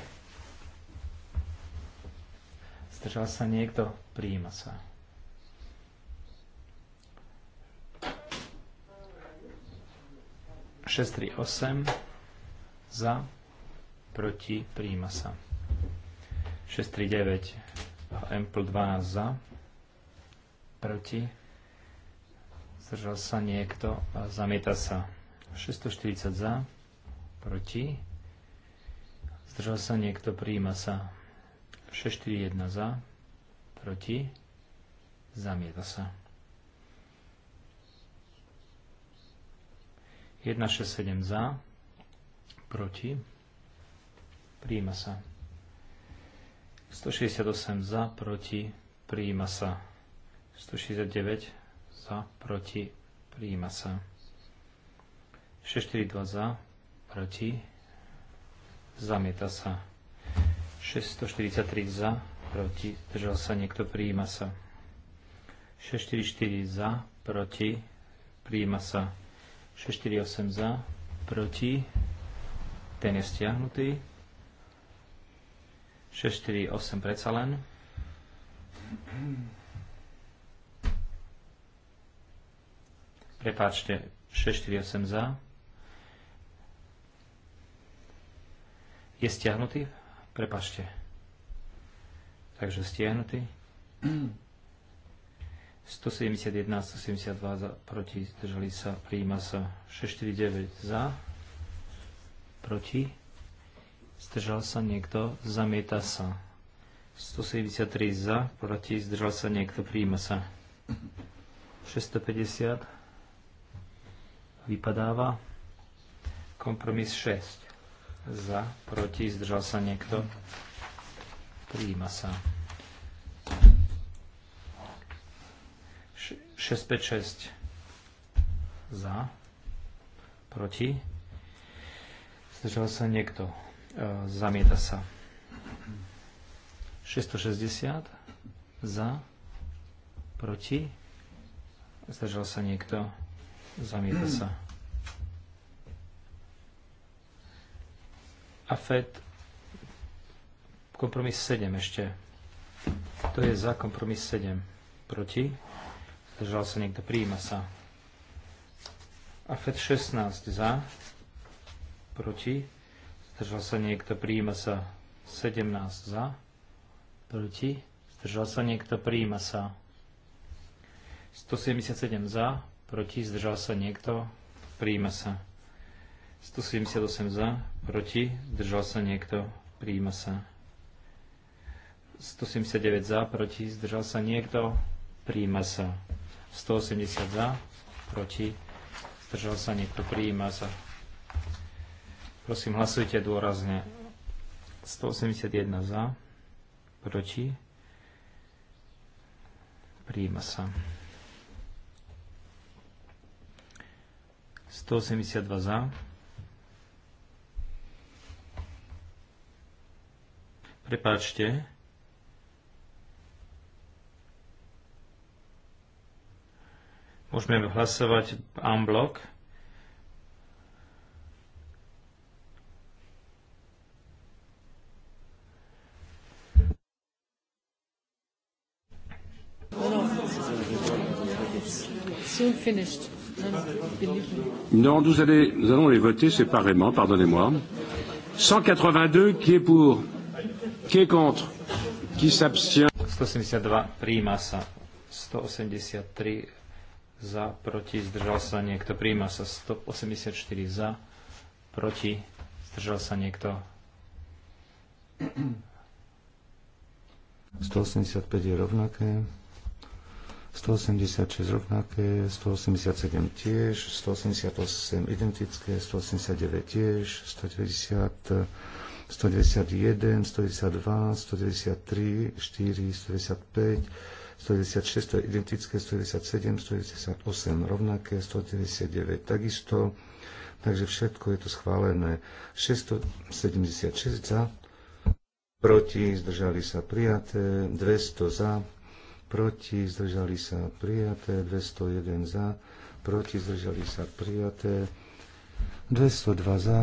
Zdržal sa niekto, prijíma sa. 638 za, proti, príjima sa. 639 a Ample 12 za, proti, zdržal sa niekto a zamieta sa. 640 za, proti, zdržal sa niekto, príjima sa. 641 za, proti, zamieta sa. 167 za, proti, príjima sa. 168 za, proti, príjima sa. 169 za, proti, príjima sa. 642 za, proti, zamieta sa. 643 za, proti, držal sa niekto, príjima sa. 644 za, proti, príjima sa. 648 za, proti, ten je stiahnutý. 648 predsa len. Prepáčte, 648 za. Je stiahnutý? Prepačte. Takže stiahnutý. 171, 172 za, proti, zdržali sa, prijíma sa 649 za, proti, zdržal sa niekto, zamieta sa. 173 za, proti, zdržal sa niekto, prijíma sa. 650 vypadáva. Kompromis 6 za, proti, zdržal sa niekto, prijíma sa. 656 za, proti, zdržal sa niekto, e, zamieta sa. 660 za, proti, zdržal sa niekto, zamieta sa. FED kompromis 7 ešte. To je za kompromis 7. Proti? Zdržal sa niekto? Prijíma sa. A Fet 16 za. Proti. Zdržal sa niekto? Prijíma sa. 17 za. Proti. Zdržal sa niekto? Prijíma sa. 177 za. Proti. Zdržal sa niekto? Prijíma sa. 178 za. Proti. Zdržal sa niekto? Prijíma sa. 179 za. Proti. Zdržal sa niekto? Prijíma sa. 180 za, proti, zdržal sa niekto, prijíma sa. Prosím, hlasujte dôrazne. 181 za, proti, prijíma sa. 182 za, prepáčte, Môžeme hlasovať en bloc. Non, nous, allez, nous allons les voter séparément, pardonnez-moi. 182, qui est pour Qui est contre Qui s'abstient 182, prima sa. 183, za, proti, zdržal sa niekto, príjma sa 184 za, proti, zdržal sa niekto. 185 je rovnaké, 186 rovnaké, 187 tiež, 188 identické, 189 tiež, 190, 191, 192, 193, 4, 195, 196, to je identické, 197, 198 rovnaké, 199 takisto. Takže všetko je to schválené. 676 za, proti, zdržali sa prijaté, 200 za, proti, zdržali sa prijaté, 201 za, proti, zdržali sa prijaté, 202 za,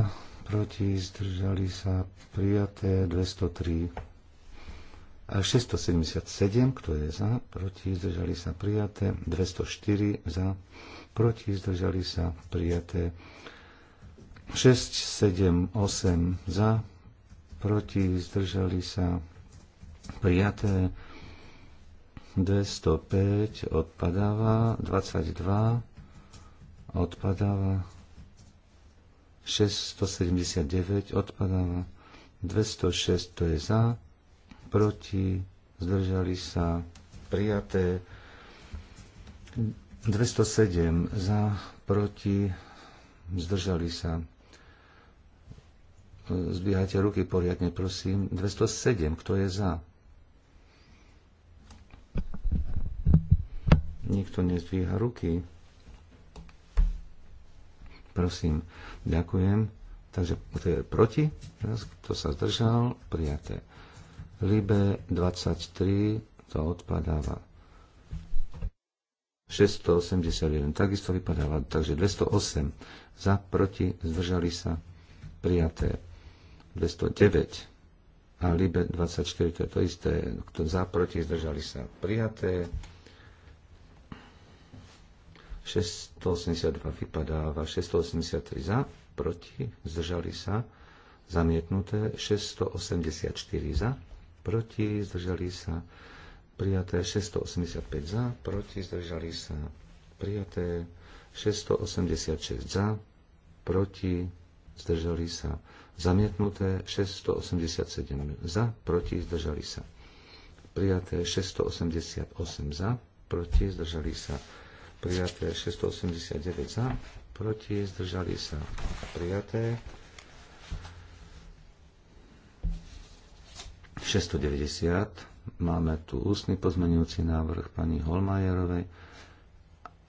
proti, zdržali sa prijaté, 203 677, kto je za, proti, zdržali sa prijaté. 204 za, proti, zdržali sa prijaté. 6, 7, 8 za, proti, zdržali sa prijaté. 205 odpadáva, 22 odpadáva, 679 odpadáva, 206 to je za, proti, zdržali sa, prijaté. 207 za, proti, zdržali sa. Zbíhajte ruky poriadne, prosím. 207, kto je za? Nikto nezdvíha ruky. Prosím, ďakujem. Takže to je proti, teraz kto sa zdržal, prijaté. Libe 23, to odpadáva. 681, takisto vypadáva, takže 208 za, proti, zdržali sa, prijaté. 209 a Libe 24, to je to isté, kto za, proti, zdržali sa, prijaté. 682 vypadáva, 683 za, proti, zdržali sa, zamietnuté, 684 za, proti, zdržali sa prijaté 685 za, proti, zdržali sa prijaté 686 za, proti, zdržali sa zamietnuté 687 za, proti, zdržali sa prijaté 688 za, proti, zdržali sa prijaté 689 za, proti, zdržali sa prijaté 690. Máme tu ústny pozmenujúci návrh pani Holmajerovej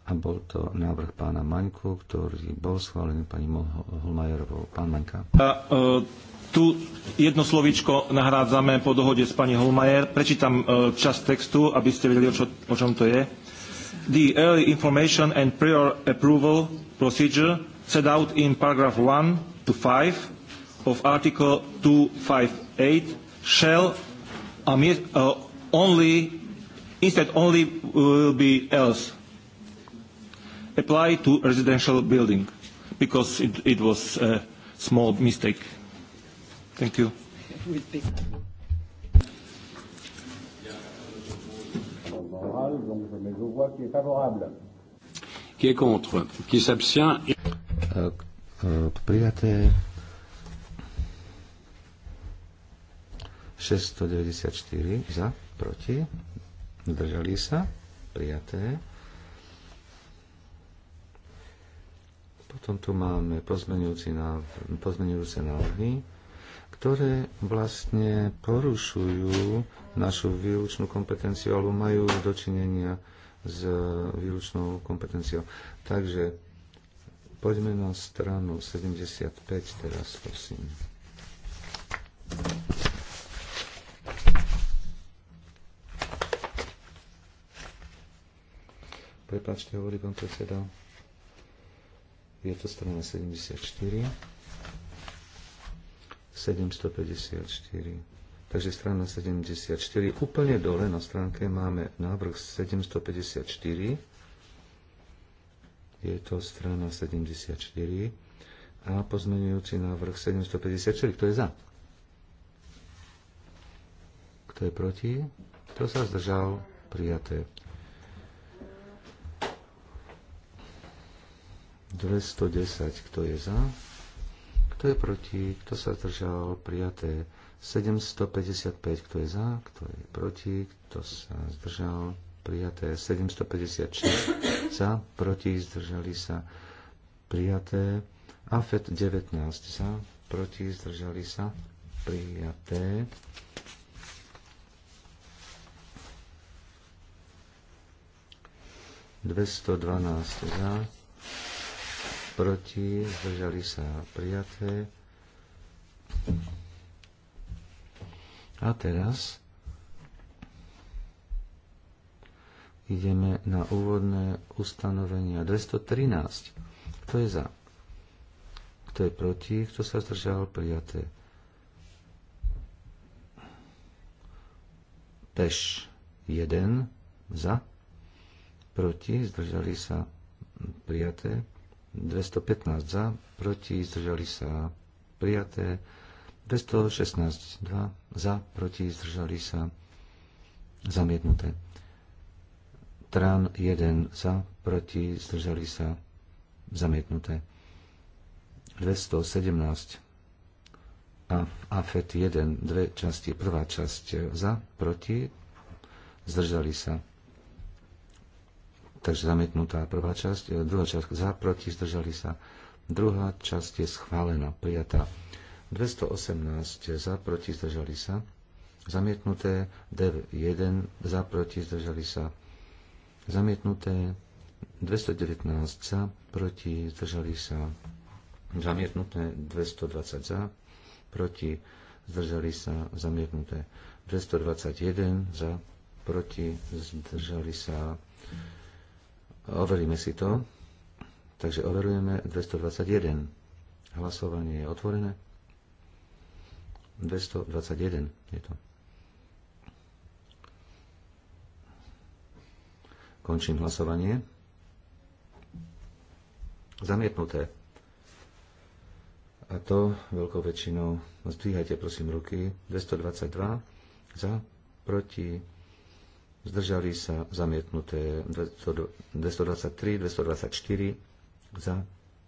a bol to návrh pána Maňku, ktorý bol schválený pani Holmajerovou. Pán Maňka. A, e, tu jedno slovíčko nahrádzame po dohode s pani Holmajer. Prečítam e, čas textu, aby ste vedeli, o, čo, o čom to je. The early information and prior approval procedure set out in paragraph 1 to 5 of Article 258 shall um, uh, only instead only will be else apply to residential building because it, it was a small mistake. Thank you. Qui est contre Qui s'abstient euh, euh, 694 za, proti, zdržali sa, prijaté. Potom tu máme pozmenujúce návrhy, pozmenujúce návrhy, ktoré vlastne porušujú našu výlučnú kompetenciu alebo majú dočinenia s výlučnou kompetenciou. Takže poďme na stranu 75 teraz, prosím. Prepačte, hovorí pán predseda. Je to strana 74. 754. Takže strana 74. Úplne dole na stránke máme návrh 754. Je to strana 74. A pozmenujúci návrh 754. Kto je za? Kto je proti? Kto sa zdržal? Prijaté. 210, kto je za, kto je proti, kto sa zdržal, prijaté 755, kto je za, kto je proti, kto sa zdržal, prijaté 756, za, proti, zdržali sa, prijaté AFET 19, za, proti, zdržali sa, prijaté. Dvesto dvanáct za, proti, zdržali sa prijaté. A teraz ideme na úvodné ustanovenia 213. Kto je za? Kto je proti? Kto sa zdržal? Prijaté. Peš 1 za, proti, zdržali sa prijaté. 215 za, proti, zdržali sa prijaté. 216 2 za, proti, zdržali sa zamietnuté. Trán 1 za, proti, zdržali sa zamietnuté. 217 a AFET 1, dve časti, prvá časť za, proti, zdržali sa Takže zamietnutá prvá časť, e, druhá časť za, proti, zdržali sa. Druhá časť je schválená, prijatá. 218 e, za, proti, zdržali sa. Zamietnuté, DEV 1 za, proti, zdržali sa. Zamietnuté, 219 za, proti, zdržali sa. Zamietnuté, 220 za, proti, zdržali sa. Zamietnuté, 221 za, proti, zdržali sa. Overíme si to. Takže overujeme 221. Hlasovanie je otvorené. 221 je to. Končím hlasovanie. Zamietnuté. A to veľkou väčšinou. Zdvíhajte prosím ruky. 222 za, proti, zdržali sa zamietnuté 223, 224 za,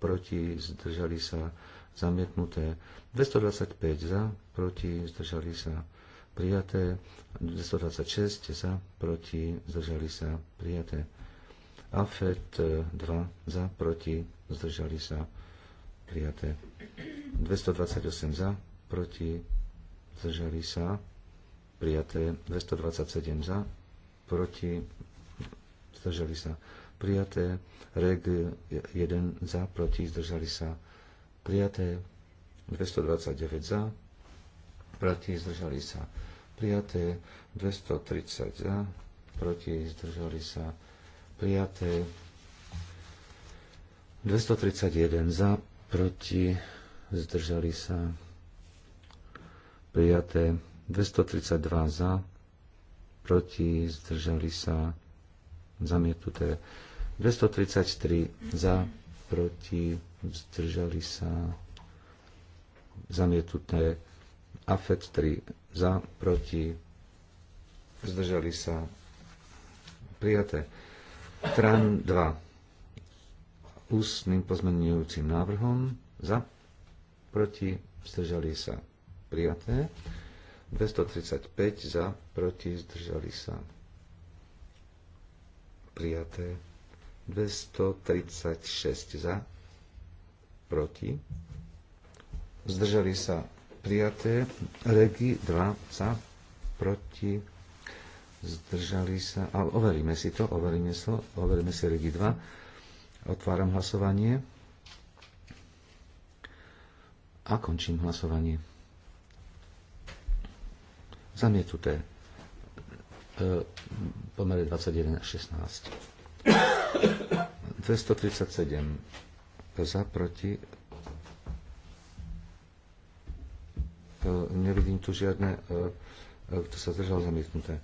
proti zdržali sa zamietnuté 225 za, proti zdržali sa prijaté 226 za, proti zdržali sa prijaté AFET 2 za, proti zdržali sa prijaté 228 za, proti zdržali sa prijaté 227 za, proti, zdržali sa prijaté, reg 1 za, proti, zdržali sa prijaté, 229 za, proti, zdržali sa prijaté, 230 za, proti, zdržali sa prijaté, 231 za, proti, zdržali sa prijaté, 232 za, proti, zdržali sa, zamietnuté. 233 za, proti, zdržali sa, zamietnuté. AFED 3 za, proti, zdržali sa, prijaté. TRAN 2 ústnym pozmenujúcim návrhom za, proti, zdržali sa, prijaté. 235 za, proti, zdržali sa. Prijaté. 236 za, proti, zdržali sa. Prijaté. Regi 2 za, proti, zdržali sa. Ale overíme si to, overíme, so, overíme si Regi 2. Otváram hlasovanie a končím hlasovanie. Zamietnuté. E, Pomere 21 a 16. 237 za, proti. E, nevidím tu žiadne, e, kto sa zdržal zamietnuté.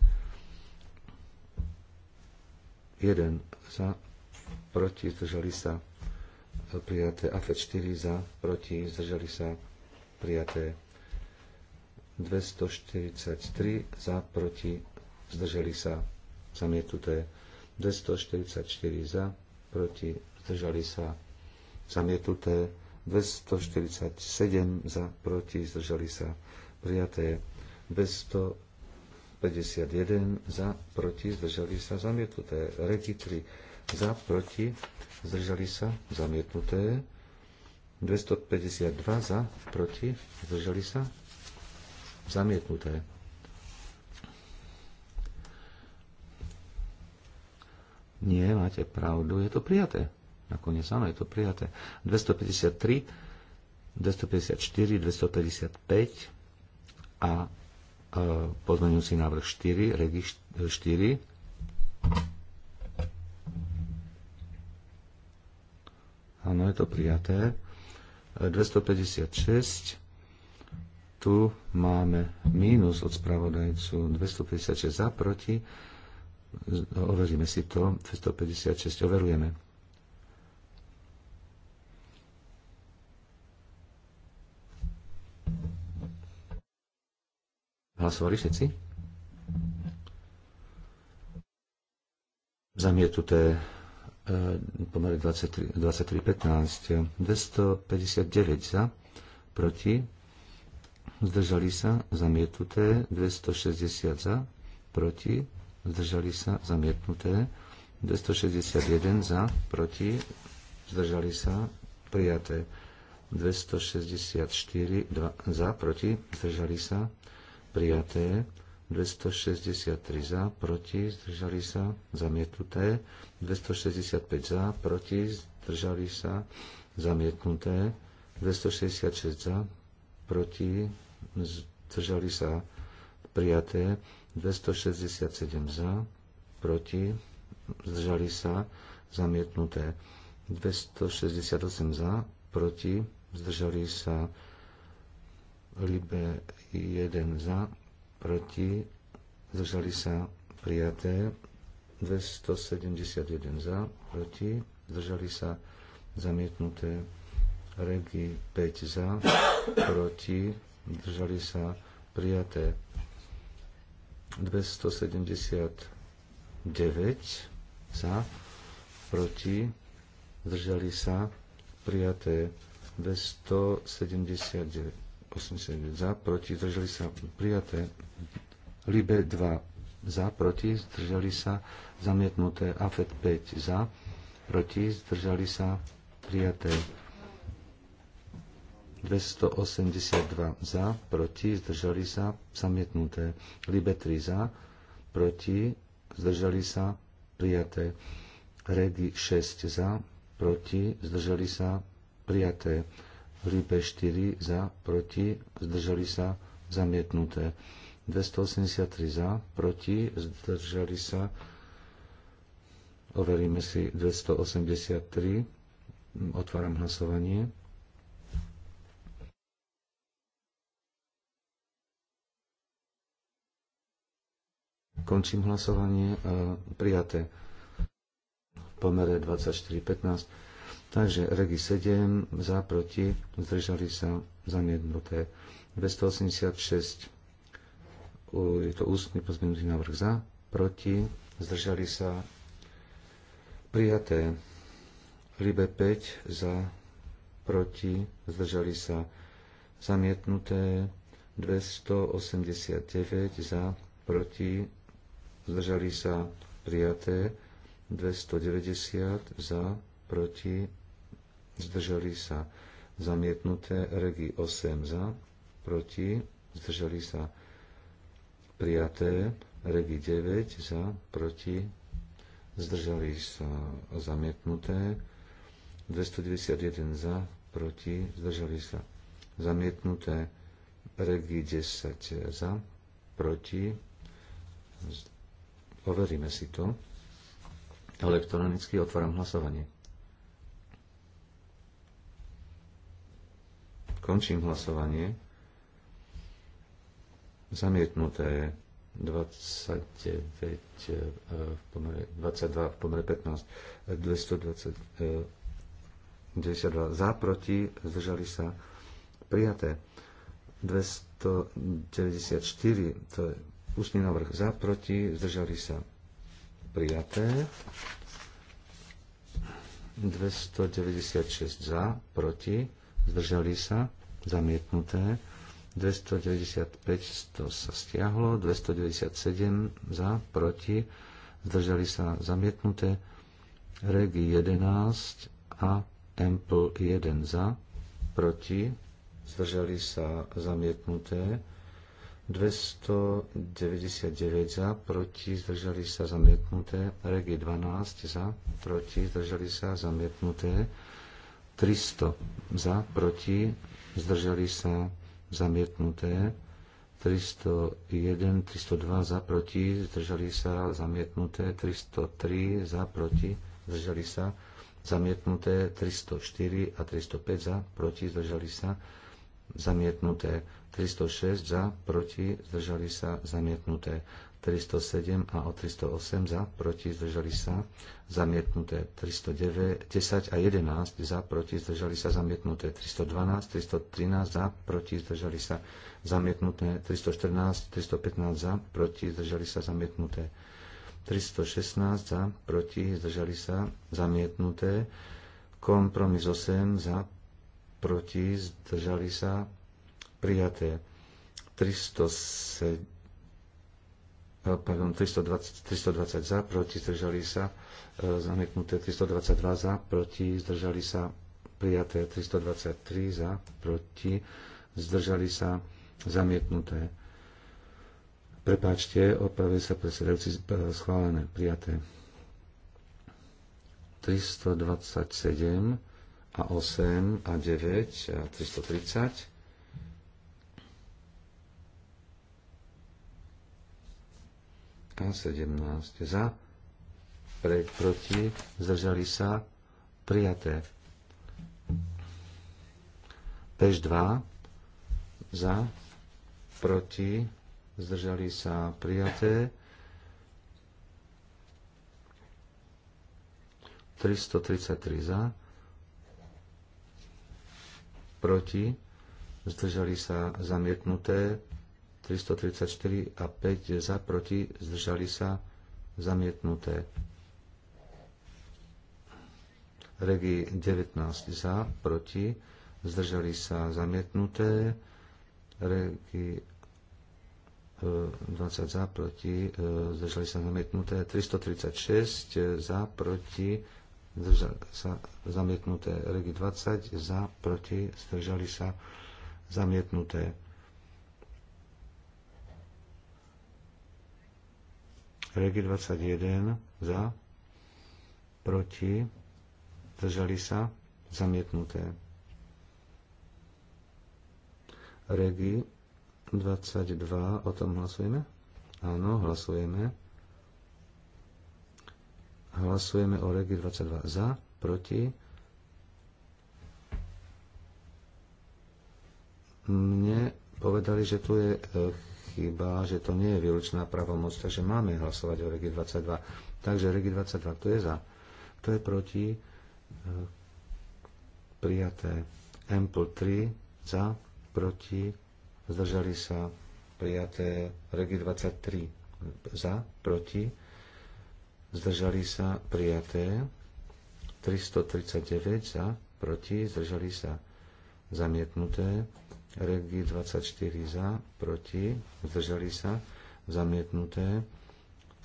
1 za, proti, zdržali sa prijaté AFE 4 za, proti, zdržali sa prijaté 243 za, proti, zdržali sa, zamietnuté. 244 za, proti, zdržali sa, zamietnuté. 247 za, proti, zdržali sa, prijaté. 251 za, proti, zdržali sa, zamietnuté. Regi 3 za, proti, zdržali sa, zamietnuté. 252 za, proti, zdržali sa, Zamietnuté. Nie, máte pravdu, je to prijaté. Nakoniec áno, je to prijaté. 253, 254, 255 a e, pozmeňujúci návrh 4, regi 4. E, áno, je to prijaté. 256 e, tu máme mínus od spravodajcu 256 za, proti. Overíme si to. 256 overujeme. Hlasovali všetci? Zamietuté pomer 23, 23 15, 259 za, proti zdržali sa, zamietnuté, 260 za, proti, zdržali sa, zamietnuté, 261 za, proti, zdržali sa, prijaté, 264 2, za, proti, zdržali sa, prijaté, 263 za, proti, zdržali sa, zamietnuté, 265 za, proti, zdržali sa, zamietnuté, 266 za, proti, zdržali sa prijaté, 267 za, proti, zdržali sa zamietnuté, 268 za, proti, zdržali sa Libe 1 za, proti, zdržali sa prijaté, 271 za, proti, zdržali sa zamietnuté, Regi 5 za, proti, Držali sa, prijaté 279 za, proti, držali sa, prijaté 279 89 za, proti, zdržali sa, prijaté Libe 2 za, proti, zdržali sa, zamietnuté AFET 5 za, proti, zdržali sa, prijaté 282 za, proti, zdržali sa, zamietnuté. Libe 3 za, proti, zdržali sa, prijaté. Regi 6 za, proti, zdržali sa, prijaté. Libe 4 za, proti, zdržali sa, zamietnuté. 283 za, proti, zdržali sa, overíme si 283, otváram hlasovanie. Končím hlasovanie. E, prijaté v pomere 24-15. Takže regi 7 za, proti, zdržali sa zamiednuté. 286 je to ústny pozmenutý návrh za, proti, zdržali sa prijaté. Libe 5 za, proti, zdržali sa zamietnuté. 289 za, proti, zdržali sa prijaté, 290 za, proti, zdržali sa zamietnuté, regi 8 za, proti, zdržali sa prijaté, regi 9 za, proti, zdržali sa zamietnuté, 291 za, proti, zdržali sa zamietnuté, regi 10 za, proti, Overíme si to. Elektronicky otváram hlasovanie. Končím hlasovanie. Zamietnuté 29 eh, v pomere, 22 v pomere 15, 222 eh, eh, za, proti, zdržali sa prijaté. 294, to je Ústny návrh za, proti, zdržali sa prijaté. 296 za, proti, zdržali sa, zamietnuté. 295 to sa stiahlo, 297 za, proti, zdržali sa, zamietnuté. Regi 11 a Ample 1 za, proti, zdržali sa, zamietnuté. 299 za, proti, zdržali sa zamietnuté. Regi 12 za, proti, zdržali sa zamietnuté. 300 za, proti, zdržali sa zamietnuté. 301, 302 za, proti, zdržali sa zamietnuté. 303 za, proti, zdržali sa zamietnuté. 304 a 305 za, proti, zdržali sa zamietnuté. 306 za, proti, zdržali sa, zamietnuté. 307 a o 308 za, proti, zdržali sa, zamietnuté. 309, 10 a 11 za, proti, zdržali sa, zamietnuté. 312, 313 za, proti, zdržali sa, zamietnuté. 314, 315 za, proti, zdržali sa, zamietnuté. 316 za, proti, zdržali sa, zamietnuté. Kompromis 8 za, proti, zdržali sa, prijaté 307, eh, pardon, 320, 320 za, proti zdržali sa, eh, zamietnuté 322 za, proti zdržali sa, prijaté 323 za, proti zdržali sa, zamietnuté. Prepáčte, opravuje sa predsedajúci eh, schválené, prijaté 327 a 8 a 9 a 330 17 za, pre, proti, zdržali sa, prijaté. Pež 2 za, proti, zdržali sa, prijaté. 333 za, proti, zdržali sa, zamietnuté. 334 a 5 za, proti, zdržali sa, zamietnuté. Regi 19 za, proti, zdržali sa, zamietnuté. Regi 20 e, e, za, proti, zdržali sa zamietnuté, 336 za, proti, zdržali sa zamietnuté, regi 20 za, proti, zdržali sa zamietnuté. Regi 21 za, proti, zdržali sa, zamietnuté. Regi 22, o tom hlasujeme? Áno, hlasujeme. Hlasujeme o Regi 22 za, proti. Mne povedali, že tu je e, chýba, že to nie je výlučná pravomoc, takže máme hlasovať o Regi 22. Takže Regi 22, kto je za? Kto je proti? E, prijaté. Ample 3, za, proti, zdržali sa, prijaté. Regi 23, za, proti, zdržali sa, prijaté. 339, za, proti, zdržali sa, zamietnuté. Regi 24 za, proti, zdržali sa, zamietnuté.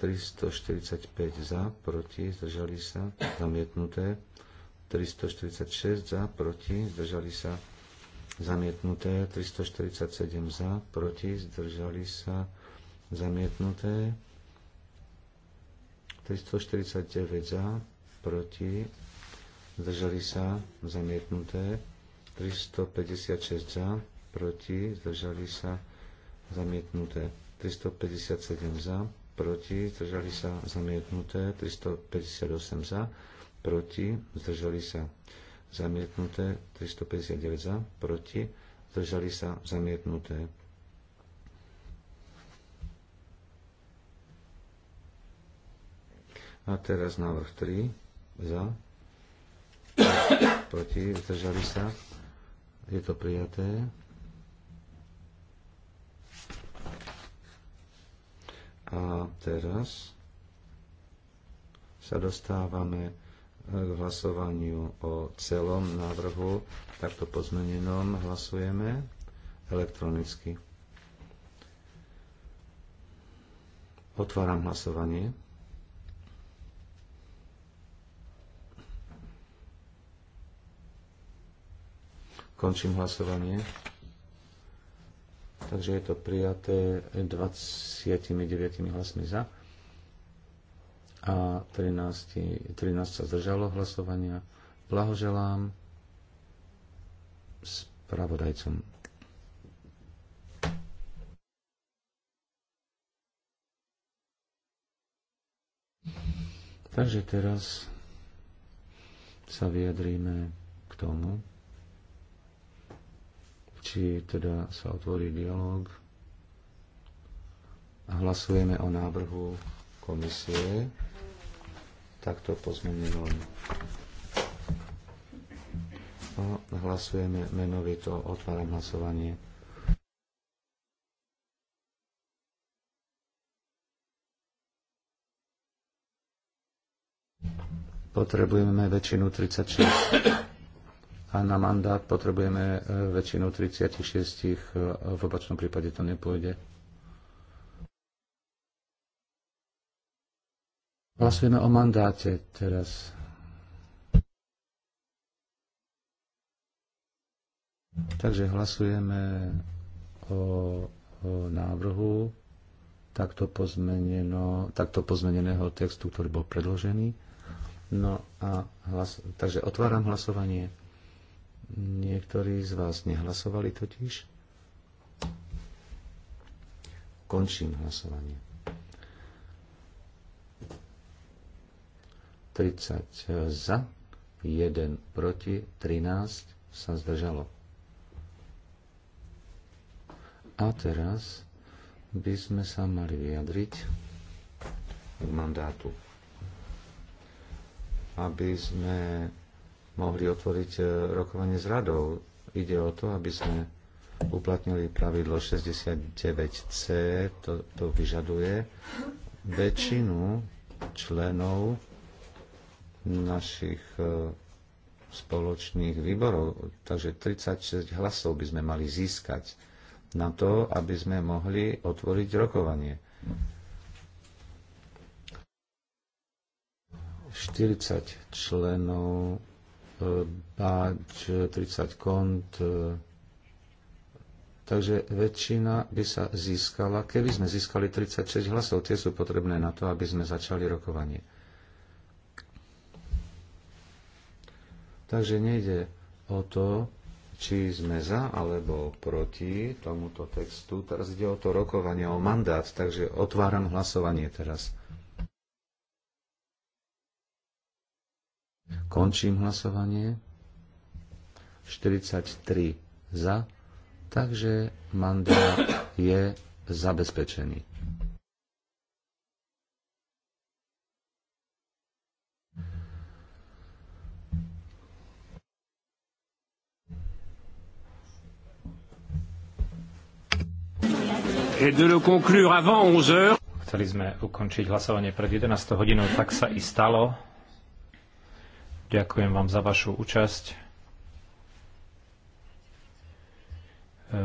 345 za, proti, zdržali sa, zamietnuté. 346 za, proti, zdržali sa, zamietnuté. 347 za, proti, zdržali sa, zamietnuté. 349 za, proti, zdržali sa, zamietnuté. 356 za, proti, zdržali sa, zamietnuté. 357 za, proti, zdržali sa, zamietnuté. 358 za, proti, zdržali sa, zamietnuté. 359 za, proti, zdržali sa, zamietnuté. A teraz návrh 3 za, proti, zdržali sa, je to prijaté. A teraz sa dostávame e, k hlasovaniu o celom návrhu. Takto pozmenenom hlasujeme elektronicky. Otváram hlasovanie. Končím hlasovanie. Takže je to prijaté 29 hlasmi za a 13, 13 sa zdržalo hlasovania. Blahoželám spravodajcom. Takže teraz sa vyjadríme k tomu, či teda sa otvorí dialog. Hlasujeme o návrhu komisie takto pozmenenom. A hlasujeme menovito, otváram hlasovanie. Potrebujeme väčšinu 36 a na mandát potrebujeme e, väčšinu 36, e, v opačnom prípade to nepôjde. Hlasujeme o mandáte teraz. Takže hlasujeme o, o návrhu takto, pozmeneno, takto pozmeneného textu, ktorý bol predložený. No a hlas, takže otváram hlasovanie. Niektorí z vás nehlasovali totiž. Končím hlasovanie. 30 e, za, 1 proti, 13 sa zdržalo. A teraz by sme sa mali vyjadriť k mandátu, aby sme mohli otvoriť e, rokovanie s radou. Ide o to, aby sme uplatnili pravidlo 69C, to, to vyžaduje väčšinu členov našich e, spoločných výborov. Takže 36 hlasov by sme mali získať na to, aby sme mohli otvoriť rokovanie. 40 členov bať 30 kont. Takže väčšina by sa získala, keby sme získali 36 hlasov. Tie sú potrebné na to, aby sme začali rokovanie. Takže nejde o to, či sme za alebo proti tomuto textu. Teraz ide o to rokovanie, o mandát, takže otváram hlasovanie teraz. Končím hlasovanie. 43 za, takže mandát je zabezpečený. Et de le conclure avant 11 heures. Chceli sme ukončiť hlasovanie pred 11 hodinou, tak sa i stalo. Ďakujem vám za vašu účasť.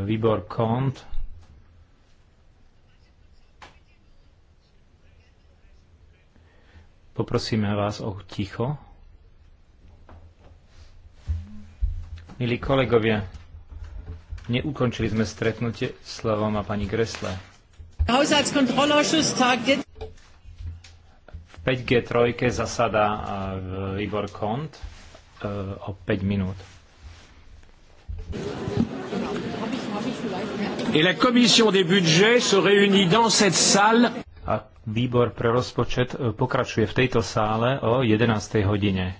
Výbor KONT Poprosíme vás o ticho. Milí kolegovia, neukončili sme stretnutie. Slovo má pani Gresle. 5G3 zasadá e, Ivor Kont e, o 5 minút. Et la commission des budgets se réunit dans cette salle. A výbor pre rozpočet e, pokračuje v tejto sále o 11. hodine.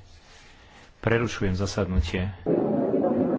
Prerušujem zasadnutie.